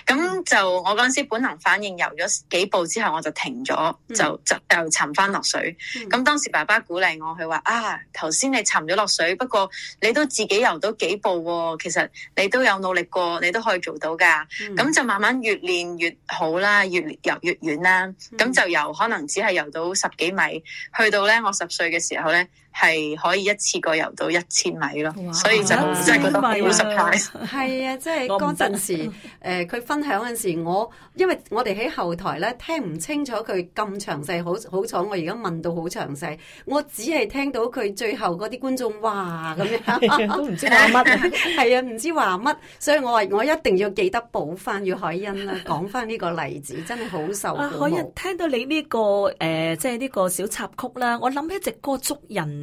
咁就我嗰陣時本能反應游咗幾步之後，我就停咗，就、嗯、就又沉翻落水。咁、嗯、當時爸爸鼓勵我，佢話：啊，頭先你沉咗落水，不過你都自己游到幾步，哦，其實你都有努力過，你都可以做到噶。咁、嗯、就慢慢越練越好啦，越游越遠啦。咁、嗯、就游可能只係游到十幾米，去到咧我十歲嘅時候咧。係可以一次過游到一千米咯，所以就真係覺得好 surprise。係 哇啊，即係嗰陣時，佢、呃、分享嗰陣時，我因為我哋喺後台咧聽唔清楚佢咁詳細，好好彩我而家問到好詳細。我只係聽到佢最後嗰啲觀眾哇咁樣，都唔、 啊、知話乜，係啊，唔知話乜，所以我話我一定要記得補翻，要凱恩啦，講翻呢個例子，真係好受。 啊，凱恩聽到你呢、這個誒、呃，即係呢個小插曲啦，我諗起隻歌足人。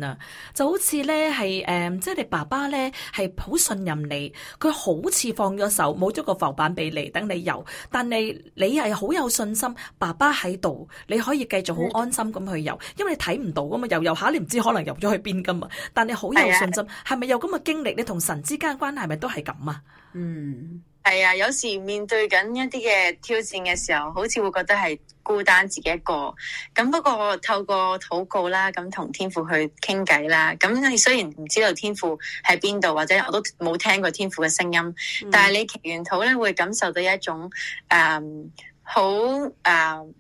就好似呢，係、嗯、誒、即係你爸爸呢，係好信任你，佢好似放咗手，冇咗個浮板俾你等你游，但係你係好有信心，爸爸喺度，你可以繼續好安心咁去游，因為你睇唔到噶嘛，游游下你唔知可能游咗去邊噶嘛，但你好有信心，係咪有咁嘅經歷？你同神之間關係係咪都係咁啊？嗯。係啊，有時面對緊一啲嘅挑戰嘅時候，好似會覺得係孤單自己一個。咁不過我透過禱告啦，咁同天父去傾偈啦。咁你雖然唔知道天父喺邊度，或者我都冇聽過天父嘅聲音，嗯、但係你祈完禱咧，會感受到一種誒好誒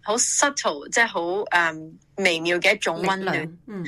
好 subtle，即係好誒微妙嘅一種溫暖。嗯。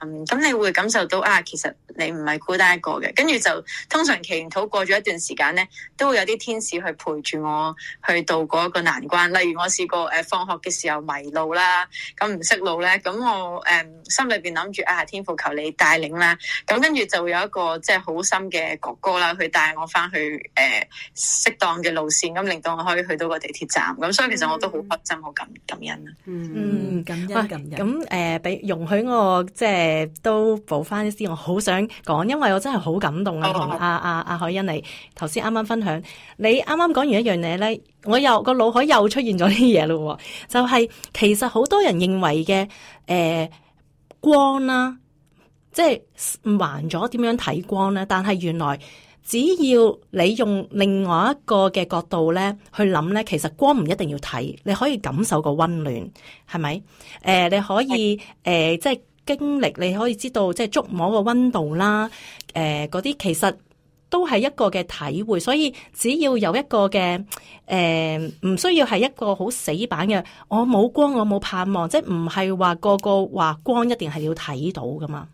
嗯，咁你會感受到啊，其實你唔係孤單一個嘅。跟住就通常祈禱過咗一段時間咧，都會有啲天使去陪住我去度過一個難關。例如我試過誒、呃、放學嘅時候迷路啦，咁唔識路咧，咁我誒、呃、心裏邊諗住啊，天父求你帶領啦。咁跟住就會有一個即係好心嘅哥哥啦，去帶我翻去誒、呃、適當嘅路線，咁令到我可以去到個地鐵站。咁所以其實我都好 appreciative，好感感恩啊。嗯，感恩、啊嗯、感恩。咁誒、啊，俾、呃、容許我即係。誒、呃，都補翻啲我好想講，因為我真係好感動啊！同阿阿阿凱恩，你頭先啱啱分享，你啱啱講完一樣嘢咧，我又個腦海又出現咗啲嘢咯，就係、是，其實好多人認為嘅誒、呃、光啦、啊，即係盲咗點樣睇光咧、啊？但係原來只要你用另外一個嘅角度咧去諗咧，其實光唔一定要睇，你可以感受個温暖，係咪？誒、呃，你可以誒的、呃，即係。經歷你可以知道，即係觸摸個溫度啦，誒、呃，嗰啲其實都係一個嘅體會，所以只要有一個嘅，誒、呃，唔需要係一個好死板嘅，我冇光，我冇盼望，即係唔係話個個話光一定係要睇到㗎嘛，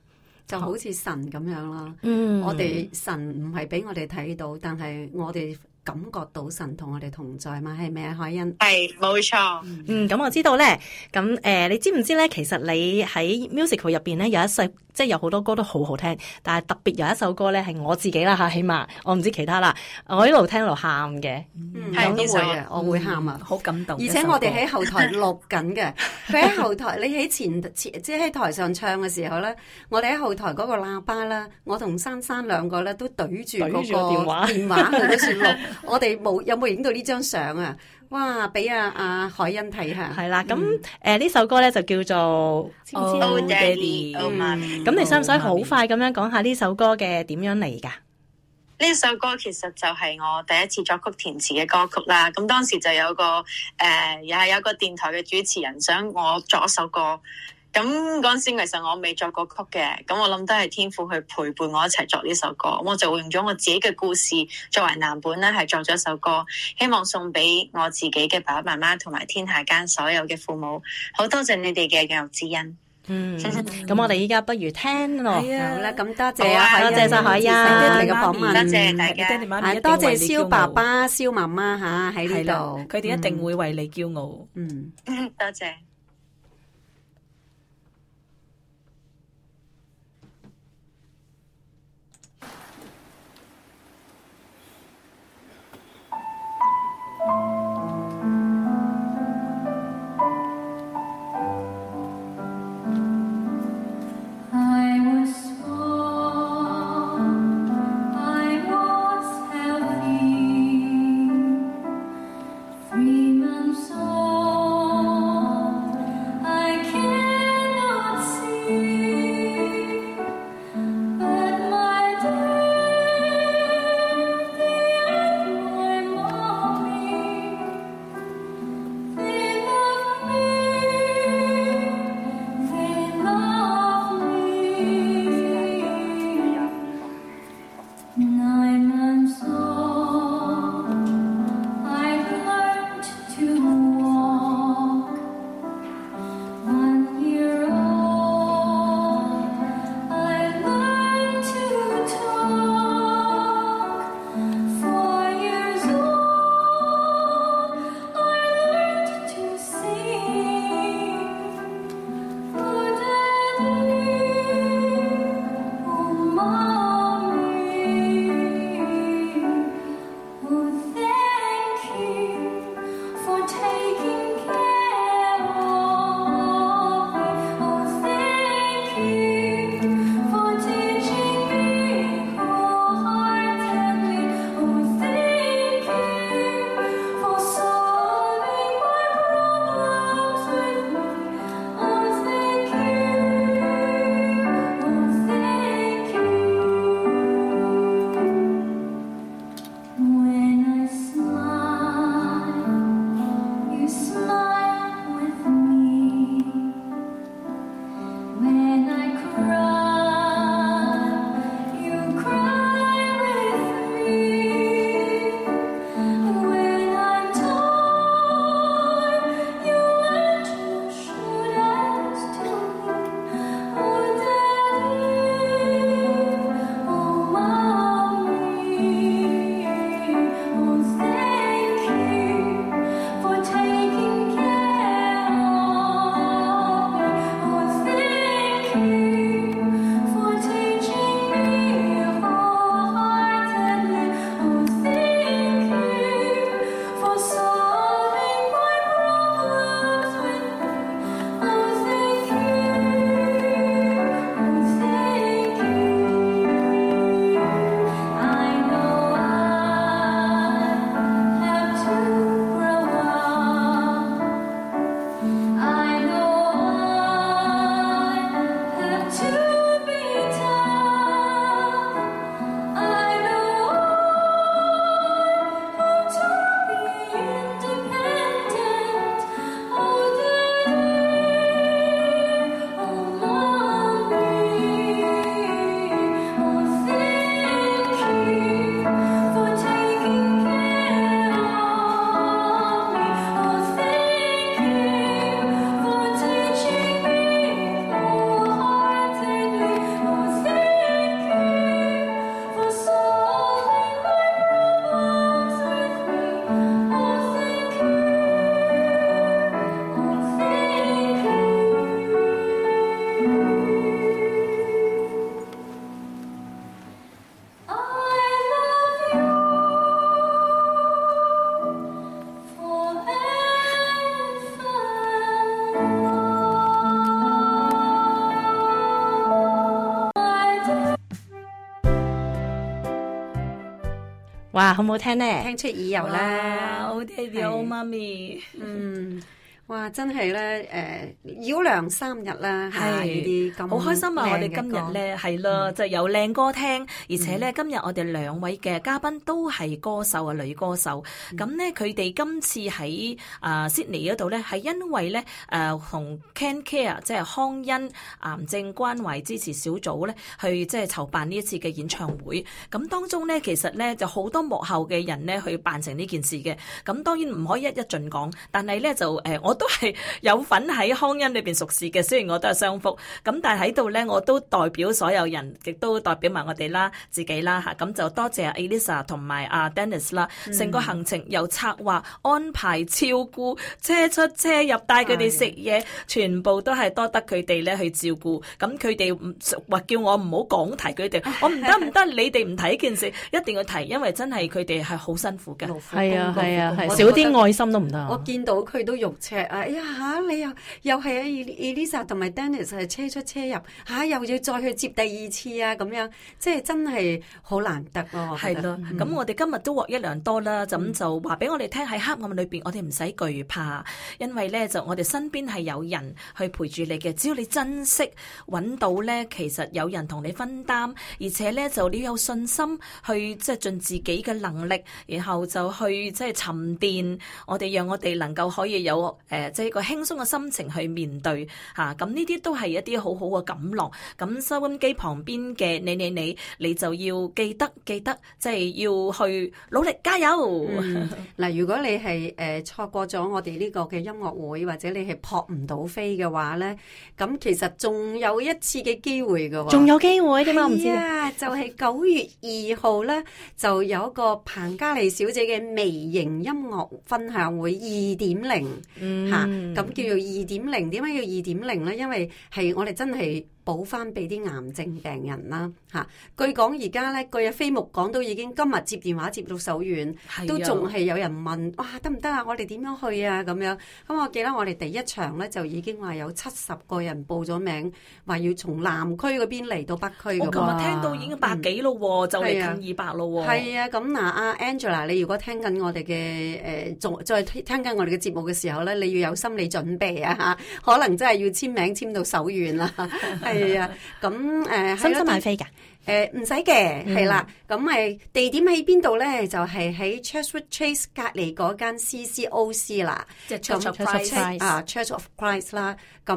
就好似神咁樣啦，嗯、我哋神唔係俾我哋睇到，但係我哋。感覺到神同我哋同在嘛？係咪啊，凱恩？係，冇錯。嗯，咁、嗯、我知道咧。咁誒、呃、你知唔知咧？其實你喺 musical 入邊咧有一首。即係有好多歌都好好聽，但係特別有一首歌咧係我自己啦嚇，起碼我唔知其他啦。我一路聽一路喊嘅，係人、嗯嗯、都會嘅，嗯、我會喊啊，好、嗯、感動。而且我哋喺後台錄緊嘅，佢喺 後台，你喺前前即係喺台上唱嘅時候咧，我哋喺後台嗰個喇叭啦，我同珊珊兩個咧都對住嗰個電話，電話嗰啲線路，我哋冇有冇影到呢張相啊？.哇！俾阿阿凱恩睇下，係啦。咁誒呢首歌咧就叫做《Oh 知知 Daddy》，咁你使唔使好快咁樣講下呢首歌嘅點樣嚟噶？呢首歌其實就係我第一次作曲填詞嘅歌曲啦。咁當時就有個誒，又、呃、係有個電台嘅主持人想我作一首歌。咁嗰陣時，其實我未作過曲嘅，咁我諗都係天父去陪伴我一齊作呢首歌，咁我就用咗我自己嘅故事作為藍本咧，係作咗首歌，希望送俾我自己嘅爸爸媽媽同埋天下間所有嘅父母，好多謝你哋嘅教育之恩。嗯，咁我哋依家不如聽咯。啊、好啦，咁多謝啊，多謝晒凱恩，多謝大家，多謝蕭爸爸、蕭媽媽吓喺呢度，佢哋、嗯嗯、一定會為你驕傲嗯。嗯，多謝。哇，好唔好聽呢？聽出耳油喇，好爹哋，好媽咪，嗯，哇，真係呢！誒、呃。繞梁三日啦，係好是開心啊！我哋今日咧係咯，就有靚歌聽，而且咧今日我哋兩位嘅嘉賓都係歌手啊，女歌手。咁咧佢哋今次喺啊 Sydney 度咧，係、呃、因為咧誒同 Can Care 即係康恩癌症關懷支持小組咧，去即係籌辦呢一次嘅演唱會，咁當中咧，其實咧就好多幕後嘅人咧去辦成呢件事嘅。咁當然唔可以一一盡講，但係咧就誒、欸、我都係有份喺康恩。裏邊熟事嘅，雖然我都係商福，咁但係喺度咧，我都代表所有人，亦都代表埋我哋啦，自己啦吓，咁就多謝 Elisa 同埋阿 Dennis 啦，成個行程由策劃安排照顧，車出車入帶佢哋食嘢，全部都係多得佢哋咧去照顧。咁佢哋或叫我唔好講提佢哋， 我唔得唔得，的你哋唔提件事，一定要提，因為真係佢哋係好辛苦嘅，係啊係啊，少啲愛心都唔得。我見到佢都肉赤啊，哎呀吓，你又又係。E Lisa 同埋 Dennis 係車出車入，吓、啊、又要再去接第二次啊！咁樣，即係真係好難得哦、啊，係咯，咁的、嗯、我哋今日都獲益良多啦。嗯、就咁就話俾我哋聽喺黑暗裏邊，我哋唔使懼怕，因為咧就我哋身邊係有人去陪住你嘅。只要你珍惜，揾到咧，其實有人同你分擔，而且咧就你要有信心去，即係盡自己嘅能力，然後就去即係沉澱。我哋、嗯、讓我哋能夠可以有誒，即、呃、係一個輕鬆嘅心情去面。對吓，咁呢啲都係一啲好好嘅錦囊。咁、啊、收音機旁邊嘅你你你，你，你就要記得記得，即、就、係、是、要去努力加油、嗯。嗱， 如果你係誒錯過咗我哋呢個嘅音樂會，或者你係撲唔到飛嘅話咧，咁其實仲有一次嘅機會嘅，仲有機會嘅嘛？唔知啊， 就係九月二號咧，就有一個彭家麗小姐嘅微型音樂分享會二點零，吓咁、啊、叫做二點零。點解要二點零咧？因為，係我哋真係。補翻俾啲癌症病人啦，吓、啊、據講而家咧，個阿飛木講到已經今日接電話接到手軟，啊、都仲係有人問，哇，得唔得啊？我哋點樣去啊？咁樣咁、啊，我記得我哋第一場咧就已經話有七十個人報咗名，話要從南區嗰邊嚟到北區、啊。我琴日、哦、聽到已經百幾咯，就嚟近二百咯。係啊，咁嗱、嗯，阿 Angela，你如果聽緊我哋嘅誒，仲、呃、再聽緊我哋嘅節目嘅時候咧，你要有心理準備啊，吓、啊、可能真係要簽名簽到手軟啦。 係啊，咁誒 心心喺飛噶。誒唔使嘅，係啦，咁誒地點喺邊度咧？就係喺 Chatswood Chase 隔離嗰間 CCOC 啦，即係 Church of Christ 啊，Church of Christ 啦。咁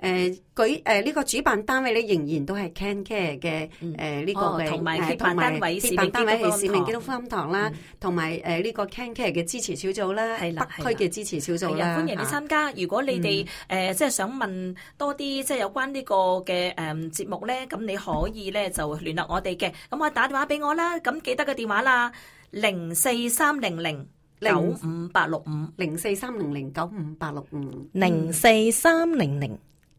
誒舉誒呢個主辦單位咧，仍然都係 Can Care 嘅誒呢個嘅，同埋同埋，主辦單位是主辦單位係使命基督福音堂啦，同埋誒呢個 Can Care 嘅支持小組啦，係北區嘅支持小組啦。歡迎你參加。如果你哋誒即係想問多啲即係有關呢個嘅誒節目咧，咁你可以咧就。聯絡我哋嘅，咁我打電話俾我啦，咁記得個電話啦，零四三零零九五八六五，零四三零零九五八六五，零四三零零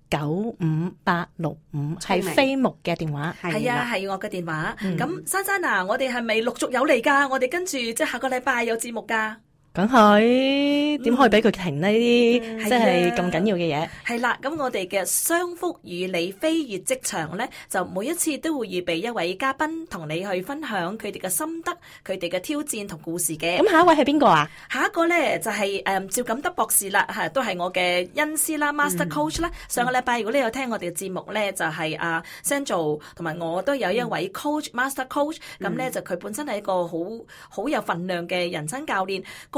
九五八六五，係飛牧嘅電話，係啊，係我嘅電話，咁珊珊啊，我哋係咪陸續有嚟噶？我哋跟住即係下個禮拜有節目噶。咁佢點可以俾佢停呢啲真係咁緊要嘅嘢？係啦，咁我哋嘅商福與你飛越職場咧，就每一次都會預備一位嘉賓同你去分享佢哋嘅心得、佢哋嘅挑戰同故事嘅。咁、嗯、下一位係邊個啊？下一個咧就係誒趙錦德博士啦，係都係我嘅恩師啦，Master Coach 啦、嗯。上個禮拜如果你有聽我哋嘅節目咧，就係阿 Sandro 同埋我都有一位 Coach、Master Coach，咁咧、嗯嗯、就佢本身係一個好好有份量嘅人生教練。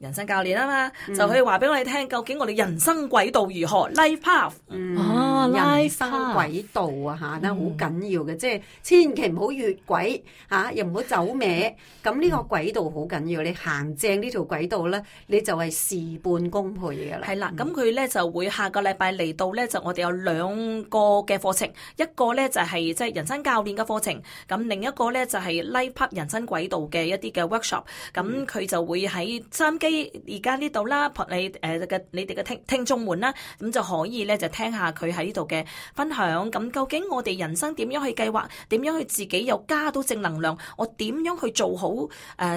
人生教練啊嘛，就可以話俾我哋聽究竟我哋人生軌道如何？Life path 啊，人生軌道啊嚇，咧好緊要嘅，即係千祈唔好越軌嚇，又唔好走歪，咁呢個軌道好緊要，你行正呢條軌道咧，你就係事半功倍嘅啦。係啦，咁佢咧就會下個禮拜嚟到咧，就我哋有兩個嘅課程，一個咧就係即係人生教練嘅課程，咁另一個咧就係 Life path 人生軌道嘅一啲嘅 workshop，咁佢就會喺三機。而家呢度啦，你誒嘅你哋嘅聽聽眾們啦，咁就可以咧就聽下佢喺呢度嘅分享。咁究竟我哋人生點樣去計劃？點樣去自己又加到正能量？我點樣去做好誒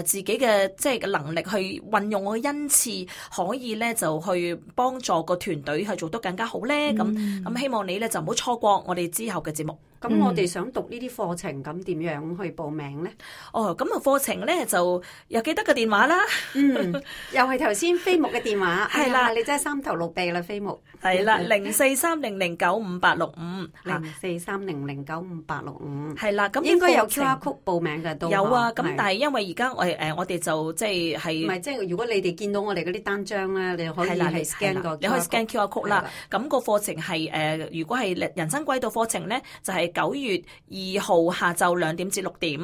自己嘅即係能力去運用我嘅恩賜，可以咧就去幫助個團隊去做得更加好咧？咁咁、mm hmm. 希望你咧就唔好錯過我哋之後嘅節目。咁我哋想讀呢啲課程，咁點樣去報名咧？哦，咁啊，課程咧就又記得個電話啦。嗯，又係頭先飛牧嘅電話，係啦，你真係三頭六臂啦，飛牧。係啦，零四三零零九五八六五，零四三零零九五八六五，係啦。咁應該有 Q R code 報名嘅都。有啊，咁但係因為而家我誒，我哋就即係係，唔係即係，如果你哋見到我哋嗰啲單張咧，你可以係啦，scan 個，你可以 scan Q R code 啦。咁個課程係誒，如果係人生軌道課程咧，就係。九月二號下晝兩點至六點，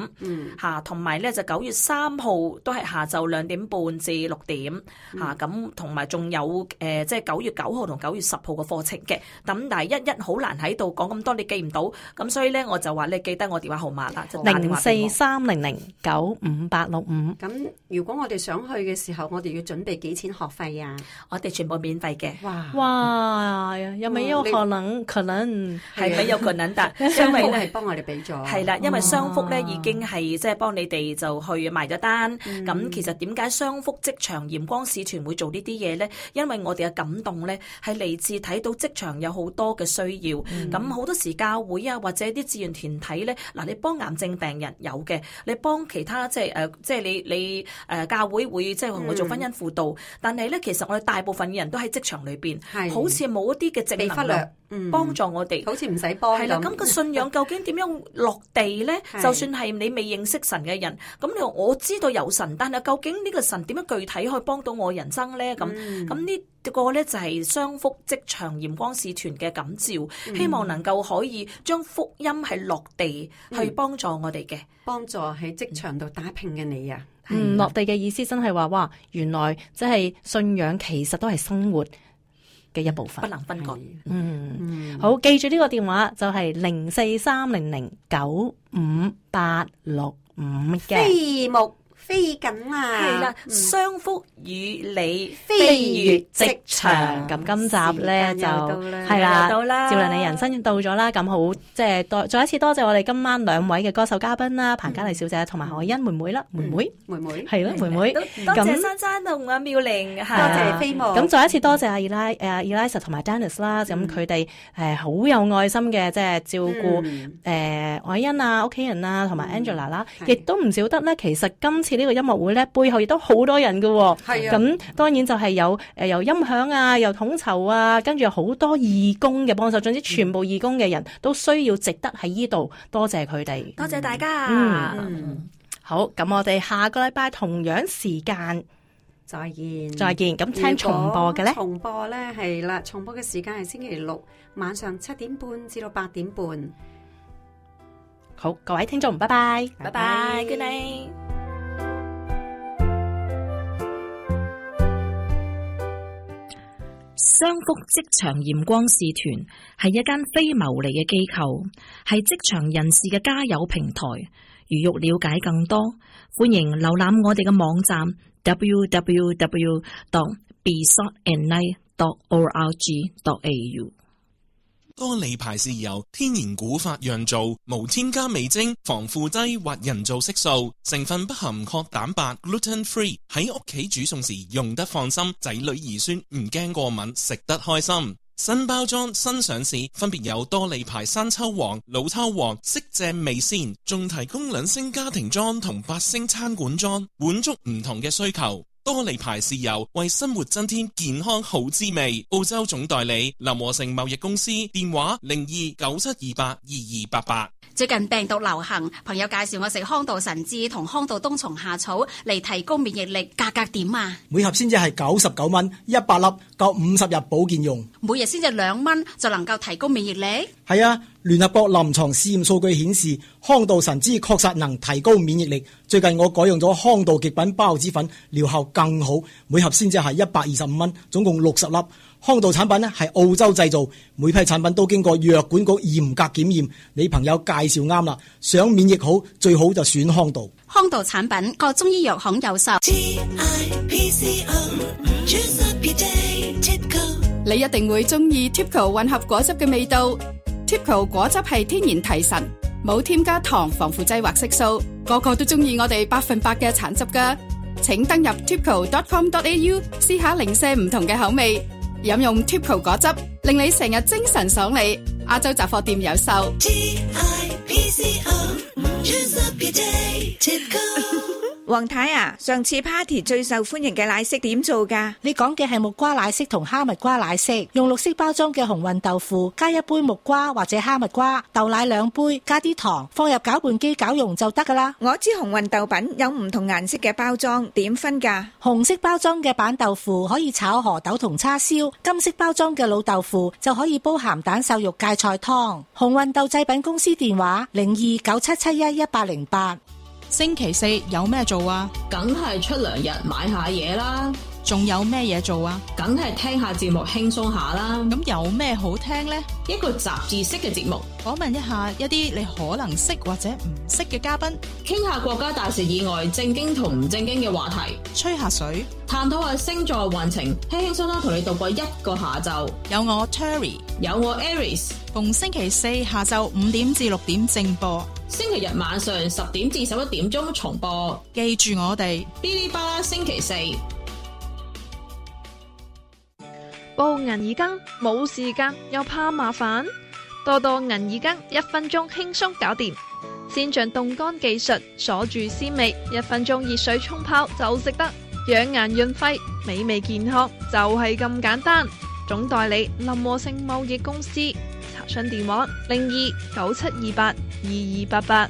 吓、嗯，同埋咧就九月三號都係下晝兩點半至六點，吓、嗯，咁同埋仲有誒，即係九月九號同九月十號嘅課程嘅，咁但係一一好難喺度講咁多，你記唔到，咁所以咧我就話你記得我電話號碼啦，零四三零零九五八六五。咁如果我哋想去嘅時候，我哋要準備幾錢學費啊？我哋全部免費嘅。哇，嗯、有冇有可能？你可能係咪有可能的。 商福係幫我哋俾咗，係啦，因為商福咧、哦、已經係即係幫你哋就去埋咗單。咁、嗯、其實點解商福職場鹽光使團會做呢啲嘢咧？因為我哋嘅感動咧係嚟自睇到職場有好多嘅需要。咁好、嗯、多時教會啊，或者啲志願團體咧，嗱，你幫癌症病人有嘅，你幫其他即係誒，即係、呃、你你誒、呃、教會會即係會做婚姻輔導。嗯、但係咧，其實我哋大部分嘅人都喺職場裏邊，好似冇一啲嘅被忽略，嗯、幫助我哋好似唔使幫。係啦、嗯，咁個。信仰究竟點樣落地呢？ 就算係你未認識神嘅人，咁是你話我知道有神，但係究竟呢個神點樣具體可以幫到我人生呢？咁咁呢個呢，就係商福職場鹽光使團嘅感召，嗯、希望能夠可以將福音係落地，去幫助我哋嘅幫助喺職場度打拼嘅你啊！嗯、嗎落地嘅意思真係話哇，原來即係信仰其實都係生活。嘅一部分不能分割。是的嗯，嗯好，記住呢個電話就係零四三零零九五八六五嘅。飛緊啦！係啦，商福與你飛越職場。咁今集咧，就係啦，照亮你人生到咗啦。咁好，即係多再一次多謝我哋今晚兩位嘅歌手嘉賓啦，彭家麗小姐同埋凱恩妹妹啦，妹妹妹妹係咯，妹妹。多謝珊珊同阿妙玲，多謝飛牧。咁再一次多謝阿 Eli 阿 Elisa 同埋 Dennis 啦，咁佢哋誒好有愛心嘅，即係照顧誒凱恩啊屋企人啊同埋 Angela 啦，亦都唔少得咧。其實今次。呢個音樂會呢，背後亦都好多人嘅、哦，咁、啊、當然就係有誒由音響啊，又統籌啊，跟住好多義工嘅幫手，總之全部義工嘅人都需要值得喺呢度多謝佢哋，多謝大家。嗯，嗯嗯好，咁我哋下個禮拜同樣時間再見，再見。咁聽重播嘅呢,重播呢？重播呢係啦，重播嘅時間係星期六晚上七點半至到八點半。好，各位聽眾，拜拜，拜拜,拜,拜，good night. 商福職場鹽光使團係一間非牟利嘅機構，係職場人士嘅加油平台。如欲了解更多，歡迎瀏覽我哋嘅網站 www.bsaltandlight.org.au 多利牌豉油天然古法釀造，無添加味精、防腐劑或人造色素，成分不含殼蛋白 （gluten free），喺屋企煮餸時用得放心，仔女兒孫唔驚過敏，食得開心。新包裝新上市，分別有多利牌生抽王、老抽王色正味鮮，仲提供兩升家庭裝同八升餐館裝，滿足唔同嘅需求。多利牌豉油，為生活增添健康好滋味。澳洲總代理，林和成貿易公司，電話零二九七二八二二八八。最近病毒流行，朋友介紹我食康道神志同康道冬蟲夏草嚟提高免疫力，價格點啊？每盒先至係九十九蚊，一百粒夠五十日保健用，每日先至兩蚊就能夠提高免疫力。係啊。聯合國臨床試驗數據顯示，康道神芝確實能提高免疫力。最近我改用咗康道極品孢子粉，療效更好。每盒先至係一百二十五蚊，總共六十粒。康道產品呢係澳洲製造，每批產品都經過藥管局嚴格檢驗。你朋友介紹啱啦，想免疫好最好就選康道。康道產品各中醫藥行有售。T I P C O, juice up your day, 你一定會中意 Tipco 混合果汁嘅味道。Tipco 果汁係天然提神，冇添加糖、防腐劑或色素，個個都中意我哋百分百嘅橙汁噶。請登入 tipco.com.au 試下零舍唔同嘅口味，飲用 Tipco 果汁令你成日精神爽利。亞洲雜貨店有售。黃太啊，上次 party 最受歡迎嘅奶昔點做噶？你講嘅係木瓜奶昔同哈密瓜奶昔，用綠色包裝嘅紅運豆腐加一杯木瓜或者哈密瓜豆奶兩杯，加啲糖，放入攪拌機攪溶就得噶啦。我知紅運豆品有唔同顏色嘅包裝，點分噶？紅色包裝嘅板豆腐可以炒河豆同叉燒，金色包裝嘅老豆腐就可以煲鹹蛋瘦肉芥菜湯。紅運豆製品公司電話零二九七七一一八零八。星期四有咩做啊？梗係出糧日買下嘢啦。仲有咩嘢做啊？梗係聽下節目輕鬆下啦。咁有咩好聽呢？一個雜誌式嘅節目，訪問一下一啲你可能識或者唔識嘅嘉賓，傾下國家大事以外正經同唔正經嘅話題，吹下水，探討下星座運程，輕輕鬆鬆同你度過一個下晝。有我 Terry，有我 Aries，逢星期四下晝五點至六點正播，星期日晚上十點至十一點鐘重播。記住我哋，嗶哩吧啦，星期四。煲銀耳羹冇時間又怕麻煩，多多銀耳羹一分鐘輕鬆搞掂。先進凍乾技術鎖住鮮味，一分鐘熱水沖泡就食得，養顏潤肺，美味健康就係、是、咁簡單。總代理林和盛貿易公司，查詢電話零二九七二八二二八八。